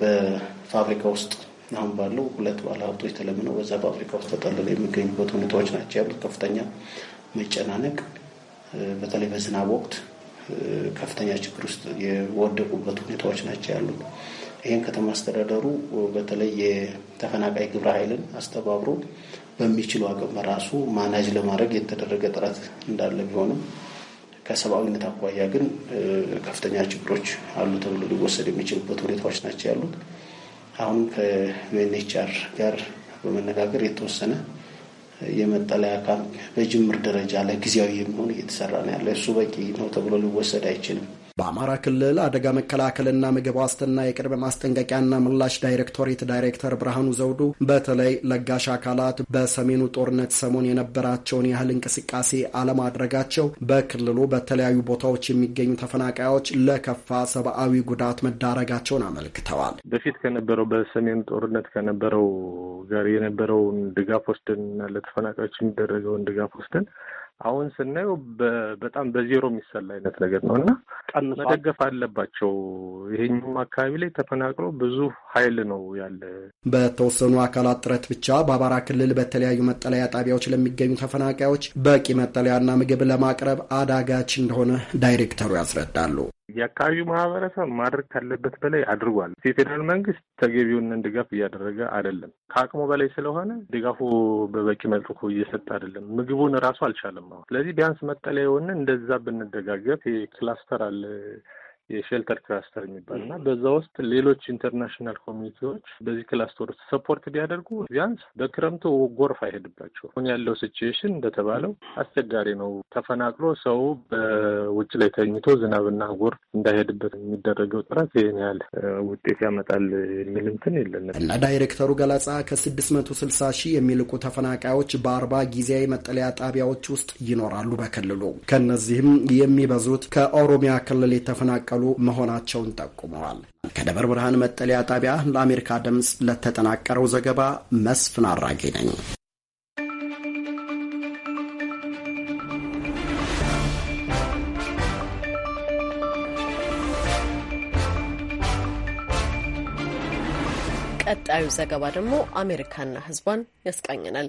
በፋብሪካ ውስጥ አሁን ባለው ሁለት ባለሀብቶች ተለምነው በዛ ፋብሪካ ውስጥ ተጠልለው የሚገኙበት ሁኔታዎች ናቸው ያሉት። ከፍተኛ መጨናነቅ፣ በተለይ በዝናብ ወቅት ከፍተኛ ችግር ውስጥ የወደቁበት ሁኔታዎች ናቸው ያሉት። ይህን ከተማ አስተዳደሩ በተለይ የተፈናቃይ ግብረ ኃይልን አስተባብሮ በሚችሉ አቅም በራሱ ማናጅ ለማድረግ የተደረገ ጥረት እንዳለ ቢሆንም ከሰብአዊነት አኳያ ግን ከፍተኛ ችግሮች አሉ ተብሎ ሊወሰድ የሚችልበት ሁኔታዎች ናቸው ያሉት። አሁንም ከዩኤንኤችአር ጋር በመነጋገር የተወሰነ የመጠለያ ካምፕ በጅምር ደረጃ ለጊዜያዊ የሚሆን እየተሰራ ነው ያለ። እሱ በቂ ነው ተብሎ ሊወሰድ አይችልም። በአማራ ክልል አደጋ መከላከልና ምግብ ዋስትና የቅድመ ማስጠንቀቂያና ምላሽ ዳይሬክቶሬት ዳይሬክተር ብርሃኑ ዘውዱ በተለይ ለጋሽ አካላት በሰሜኑ ጦርነት ሰሞን የነበራቸውን ያህል እንቅስቃሴ አለማድረጋቸው በክልሉ በተለያዩ ቦታዎች የሚገኙ ተፈናቃዮች ለከፋ ሰብአዊ ጉዳት መዳረጋቸውን አመልክተዋል። በፊት ከነበረው በሰሜኑ ጦርነት ከነበረው ጋር የነበረውን ድጋፍ ወስደን ለተፈናቃዮች የሚደረገውን ድጋፍ ወስደን አሁን ስናየው በጣም በዜሮ የሚሰላ አይነት ነገር ነው እና መደገፍ አለባቸው። ይሄኛውም አካባቢ ላይ ተፈናቅሎ ብዙ ኃይል ነው ያለ። በተወሰኑ አካላት ጥረት ብቻ በአማራ ክልል በተለያዩ መጠለያ ጣቢያዎች ለሚገኙ ተፈናቃዮች በቂ መጠለያና ምግብ ለማቅረብ አዳጋች እንደሆነ ዳይሬክተሩ ያስረዳሉ። የአካባቢው ማህበረሰብ ማድረግ ካለበት በላይ አድርጓል። የፌዴራል መንግስት ተገቢውን ድጋፍ እያደረገ አይደለም። ከአቅሙ በላይ ስለሆነ ድጋፉ በበቂ መልኩ እየሰጠ አይደለም። ምግቡን እራሱ አልቻለም። አሁን ስለዚህ ቢያንስ መጠለያ የሆነ እንደዛ ብንደጋገፍ ክላስተር አለ የሼልተር ክላስተር የሚባል እና በዛ ውስጥ ሌሎች ኢንተርናሽናል ኮሚኒቲዎች በዚህ ክላስተር ውስጥ ሰፖርት ቢያደርጉ ቢያንስ በክረምቱ ጎርፍ አይሄድባቸው። አሁን ያለው ሲቹዌሽን እንደተባለው አስቸጋሪ ነው። ተፈናቅሎ ሰው በውጭ ላይ ተኝቶ ዝናብና ጎርፍ እንዳይሄድበት የሚደረገው ጥረት ይህን ያህል ውጤት ያመጣል የሚል እንትን የለንም። እንደ ዳይሬክተሩ ገለጻ ከ ስልሳ ሺህ የሚልቁ ተፈናቃዮች በአርባ ጊዜያዊ መጠለያ ጣቢያዎች ውስጥ ይኖራሉ በክልሉ ከእነዚህም የሚበዙት ከኦሮሚያ ክልል የተፈናቀሉ ያሉ መሆናቸውን ጠቁመዋል። ከደብረ ብርሃን መጠለያ ጣቢያ ለአሜሪካ ድምፅ ለተጠናቀረው ዘገባ መስፍን አራጌ ነኝ። ቀጣዩ ዘገባ ደግሞ አሜሪካና ሕዝቧን ያስቃኘናል።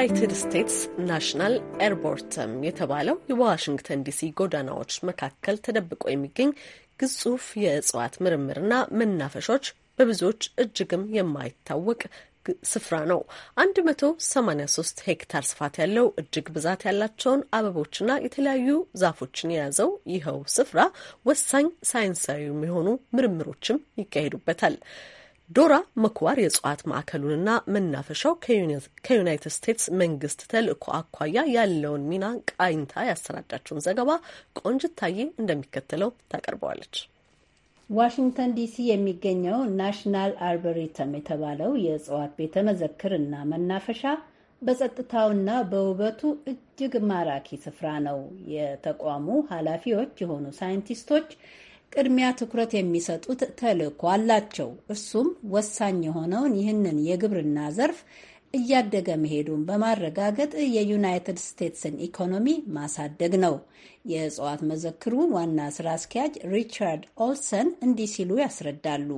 ዩናይትድ ስቴትስ ናሽናል ኤርቦርተም የተባለው የዋሽንግተን ዲሲ ጎዳናዎች መካከል ተደብቆ የሚገኝ ግዙፍ የእጽዋት ምርምርና መናፈሾች በብዙዎች እጅግም የማይታወቅ ስፍራ ነው። 183 ሄክታር ስፋት ያለው እጅግ ብዛት ያላቸውን አበቦችና የተለያዩ ዛፎችን የያዘው ይኸው ስፍራ ወሳኝ ሳይንሳዊ የሚሆኑ ምርምሮችም ይካሄዱበታል። ዶራ መኩዋር የእጽዋት ማዕከሉንና መናፈሻው ከዩናይትድ ስቴትስ መንግስት ተልእኮ አኳያ ያለውን ሚና ቃኝታ ያሰናዳችውን ዘገባ ቆንጅታዬ እንደሚከተለው ታቀርበዋለች። ዋሽንግተን ዲሲ የሚገኘው ናሽናል አርበሪተም የተባለው የእጽዋት ቤተ መዘክርና መናፈሻ በጸጥታውና በውበቱ እጅግ ማራኪ ስፍራ ነው። የተቋሙ ኃላፊዎች የሆኑ ሳይንቲስቶች ቅድሚያ ትኩረት የሚሰጡት ተልዕኮ አላቸው። እርሱም ወሳኝ የሆነውን ይህንን የግብርና ዘርፍ እያደገ መሄዱን በማረጋገጥ የዩናይትድ ስቴትስን ኢኮኖሚ ማሳደግ ነው። የእጽዋት መዘክሩ ዋና ስራ አስኪያጅ ሪቻርድ ኦልሰን እንዲህ ሲሉ ያስረዳሉ።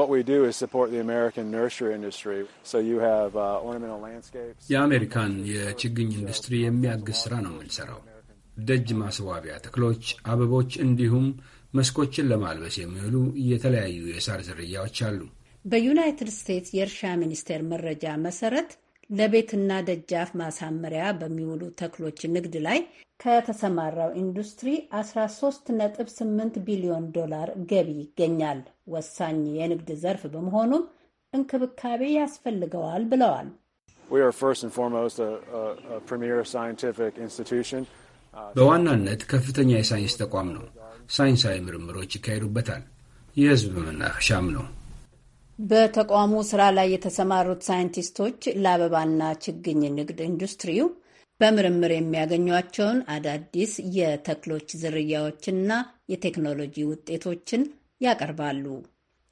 uh, የአሜሪካን የችግኝ ኢንዱስትሪ የሚያግዝ ስራ ነው የምንሰራው። ደጅ ማስዋቢያ ተክሎች፣ አበቦች እንዲሁም መስኮችን ለማልበስ የሚውሉ የተለያዩ የሳር ዝርያዎች አሉ። በዩናይትድ ስቴትስ የእርሻ ሚኒስቴር መረጃ መሰረት ለቤትና ደጃፍ ማሳመሪያ በሚውሉ ተክሎች ንግድ ላይ ከተሰማራው ኢንዱስትሪ 13.8 ቢሊዮን ዶላር ገቢ ይገኛል። ወሳኝ የንግድ ዘርፍ በመሆኑም እንክብካቤ ያስፈልገዋል ብለዋል። በዋናነት ከፍተኛ የሳይንስ ተቋም ነው። ሳይንሳዊ ምርምሮች ይካሄዱበታል። የህዝብ መናፈሻም ነው። በተቋሙ ስራ ላይ የተሰማሩት ሳይንቲስቶች ለአበባና ችግኝ ንግድ ኢንዱስትሪው በምርምር የሚያገኟቸውን አዳዲስ የተክሎች ዝርያዎችና የቴክኖሎጂ ውጤቶችን ያቀርባሉ።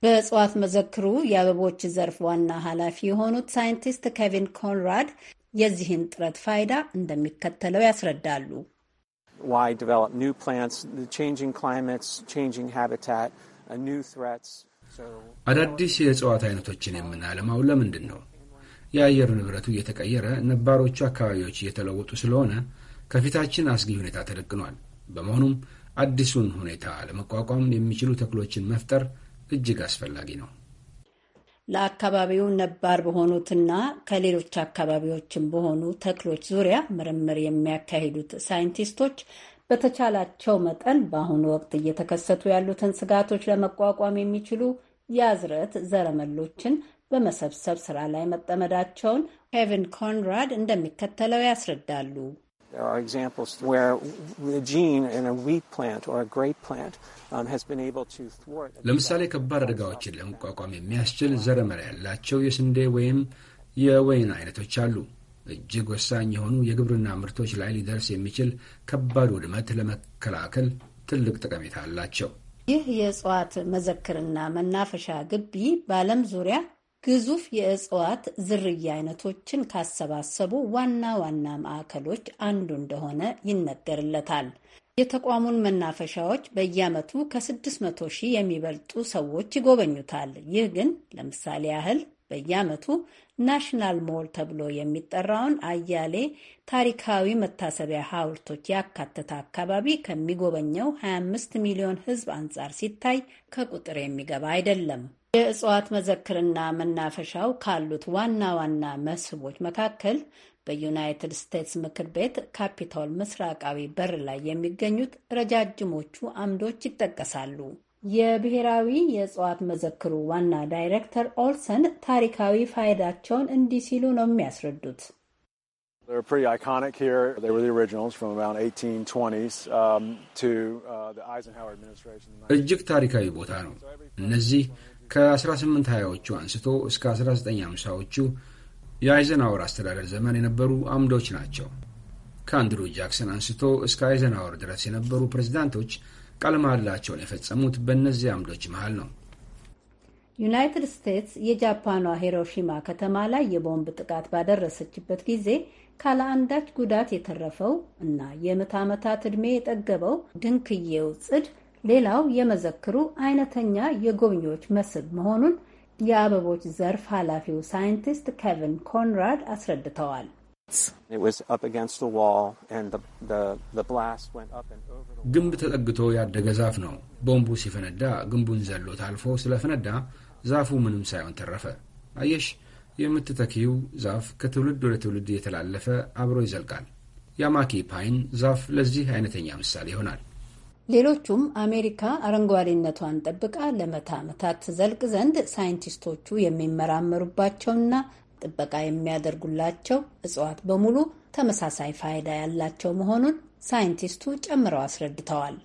በእጽዋት መዘክሩ የአበቦች ዘርፍ ዋና ኃላፊ የሆኑት ሳይንቲስት ኬቪን ኮንራድ የዚህን ጥረት ፋይዳ እንደሚከተለው ያስረዳሉ። why develop new plants? The changing climates, changing habitat, uh, new threats. አዳዲስ የእጽዋት አይነቶችን የምናለማው ለምንድን ነው? የአየር ንብረቱ እየተቀየረ ነባሮቹ አካባቢዎች እየተለወጡ ስለሆነ ከፊታችን አስጊ ሁኔታ ተደቅኗል። በመሆኑም አዲሱን ሁኔታ ለመቋቋም የሚችሉ ተክሎችን መፍጠር እጅግ አስፈላጊ ነው። ለአካባቢው ነባር በሆኑትና ከሌሎች አካባቢዎችም በሆኑ ተክሎች ዙሪያ ምርምር የሚያካሂዱት ሳይንቲስቶች በተቻላቸው መጠን በአሁኑ ወቅት እየተከሰቱ ያሉትን ስጋቶች ለመቋቋም የሚችሉ የአዝርዕት ዘረመሎችን በመሰብሰብ ስራ ላይ መጠመዳቸውን ኬቪን ኮንራድ እንደሚከተለው ያስረዳሉ። ለምሳሌ ከባድ አደጋዎችን ለመቋቋም የሚያስችል ዘረመል ያላቸው የስንዴ ወይም የወይን አይነቶች አሉ። እጅግ ወሳኝ የሆኑ የግብርና ምርቶች ላይ ሊደርስ የሚችል ከባድ ውድመት ለመከላከል ትልቅ ጠቀሜታ አላቸው። ይህ የእጽዋት መዘክርና መናፈሻ ግቢ በዓለም ዙሪያ ግዙፍ የእጽዋት ዝርያ አይነቶችን ካሰባሰቡ ዋና ዋና ማዕከሎች አንዱ እንደሆነ ይነገርለታል። የተቋሙን መናፈሻዎች በየዓመቱ ከ600 ሺህ የሚበልጡ ሰዎች ይጎበኙታል። ይህ ግን ለምሳሌ ያህል በየዓመቱ ናሽናል ሞል ተብሎ የሚጠራውን አያሌ ታሪካዊ መታሰቢያ ሐውልቶች ያካተተ አካባቢ ከሚጎበኘው 25 ሚሊዮን ሕዝብ አንጻር ሲታይ ከቁጥር የሚገባ አይደለም። የእጽዋት መዘክርና መናፈሻው ካሉት ዋና ዋና መስህቦች መካከል በዩናይትድ ስቴትስ ምክር ቤት ካፒቶል ምስራቃዊ በር ላይ የሚገኙት ረጃጅሞቹ አምዶች ይጠቀሳሉ። የብሔራዊ የእጽዋት መዘክሩ ዋና ዳይሬክተር ኦልሰን ታሪካዊ ፋይዳቸውን እንዲህ ሲሉ ነው የሚያስረዱት። um, uh, እጅግ ታሪካዊ ቦታ ነው። እነዚህ ከ1820ዎቹ አንስቶ እስከ 1950ዎቹ የአይዘናወር አስተዳደር ዘመን የነበሩ አምዶች ናቸው። ከአንድሩ ጃክሰን አንስቶ እስከ አይዘናወር ድረስ የነበሩ ፕሬዚዳንቶች ቃለ መሃላቸውን የፈጸሙት በእነዚህ አምዶች መሃል ነው። ዩናይትድ ስቴትስ የጃፓኗ ሂሮሺማ ከተማ ላይ የቦምብ ጥቃት ባደረሰችበት ጊዜ ካለአንዳች ጉዳት የተረፈው እና የምት ዓመታት ዕድሜ የጠገበው ድንክዬው ጽድ ሌላው የመዘክሩ አይነተኛ የጎብኚዎች መስህብ መሆኑን የአበቦች ዘርፍ ኃላፊው ሳይንቲስት ኬቪን ኮንራድ አስረድተዋል። ግንብ ተጠግቶ ያደገ ዛፍ ነው። ቦምቡ ሲፈነዳ ግንቡን ዘሎ ታልፎ ስለፈነዳ ዛፉ ምንም ሳይሆን ተረፈ። አየሽ፣ የምትተኪው ዛፍ ከትውልድ ወደ ትውልድ እየተላለፈ አብሮ ይዘልቃል። የአማኪ ፓይን ዛፍ ለዚህ አይነተኛ ምሳሌ ይሆናል። ሌሎቹም አሜሪካ አረንጓዴነቷን ጠብቃ ለመቶ ዓመታት ትዘልቅ ዘንድ ሳይንቲስቶቹ የሚመራመሩባቸውና ጥበቃ የሚያደርጉላቸው እጽዋት በሙሉ ተመሳሳይ ፋይዳ ያላቸው መሆኑን ሳይንቲስቱ ጨምረው አስረድተዋል።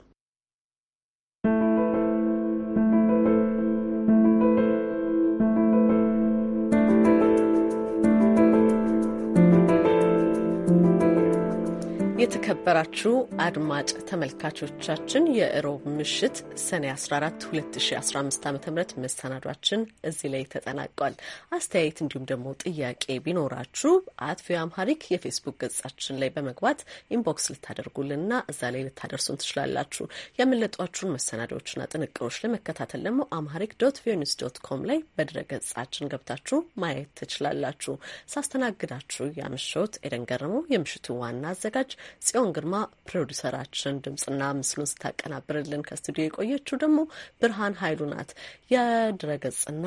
የተከበራችሁ አድማጭ ተመልካቾቻችን የእሮብ ምሽት ሰኔ 14 2015 ዓ ም መሰናዷችን እዚህ ላይ ተጠናቋል። አስተያየት እንዲሁም ደግሞ ጥያቄ ቢኖራችሁ አት ቪኦኤ አምሃሪክ የፌስቡክ ገጻችን ላይ በመግባት ኢንቦክስ ልታደርጉልንና እዛ ላይ ልታደርሱን ትችላላችሁ። ያመለጧችሁን መሰናዶዎችና ጥንቅሮች ለመከታተል ደግሞ አምሃሪክ ዶት ቪኦኤ ኒውስ ዶት ኮም ላይ በድረ ገጻችን ገብታችሁ ማየት ትችላላችሁ። ሳስተናግዳችሁ ያመሸሁት ኤደን ገረመው የምሽቱ ዋና አዘጋጅ ጽዮን ግርማ ፕሮዲሰራችን ድምፅና ምስሉን ስታቀናብርልን ከስቱዲዮ የቆየችው ደግሞ ብርሃን ኃይሉ ናት። የድረገጽና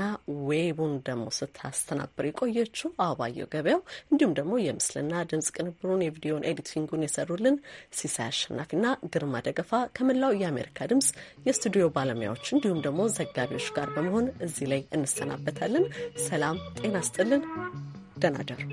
ዌቡን ደግሞ ስታስተናብር የቆየችው አበባየው ገበያው፣ እንዲሁም ደግሞ የምስልና ድምፅ ቅንብሩን የቪዲዮን ኤዲቲንጉን የሰሩልን ሲሳይ አሸናፊና ግርማ ደገፋ ከመላው የአሜሪካ ድምፅ የስቱዲዮ ባለሙያዎች እንዲሁም ደግሞ ዘጋቢዎች ጋር በመሆን እዚህ ላይ እንሰናበታለን። ሰላም ጤና ስጥልን። ደህና ደሩ።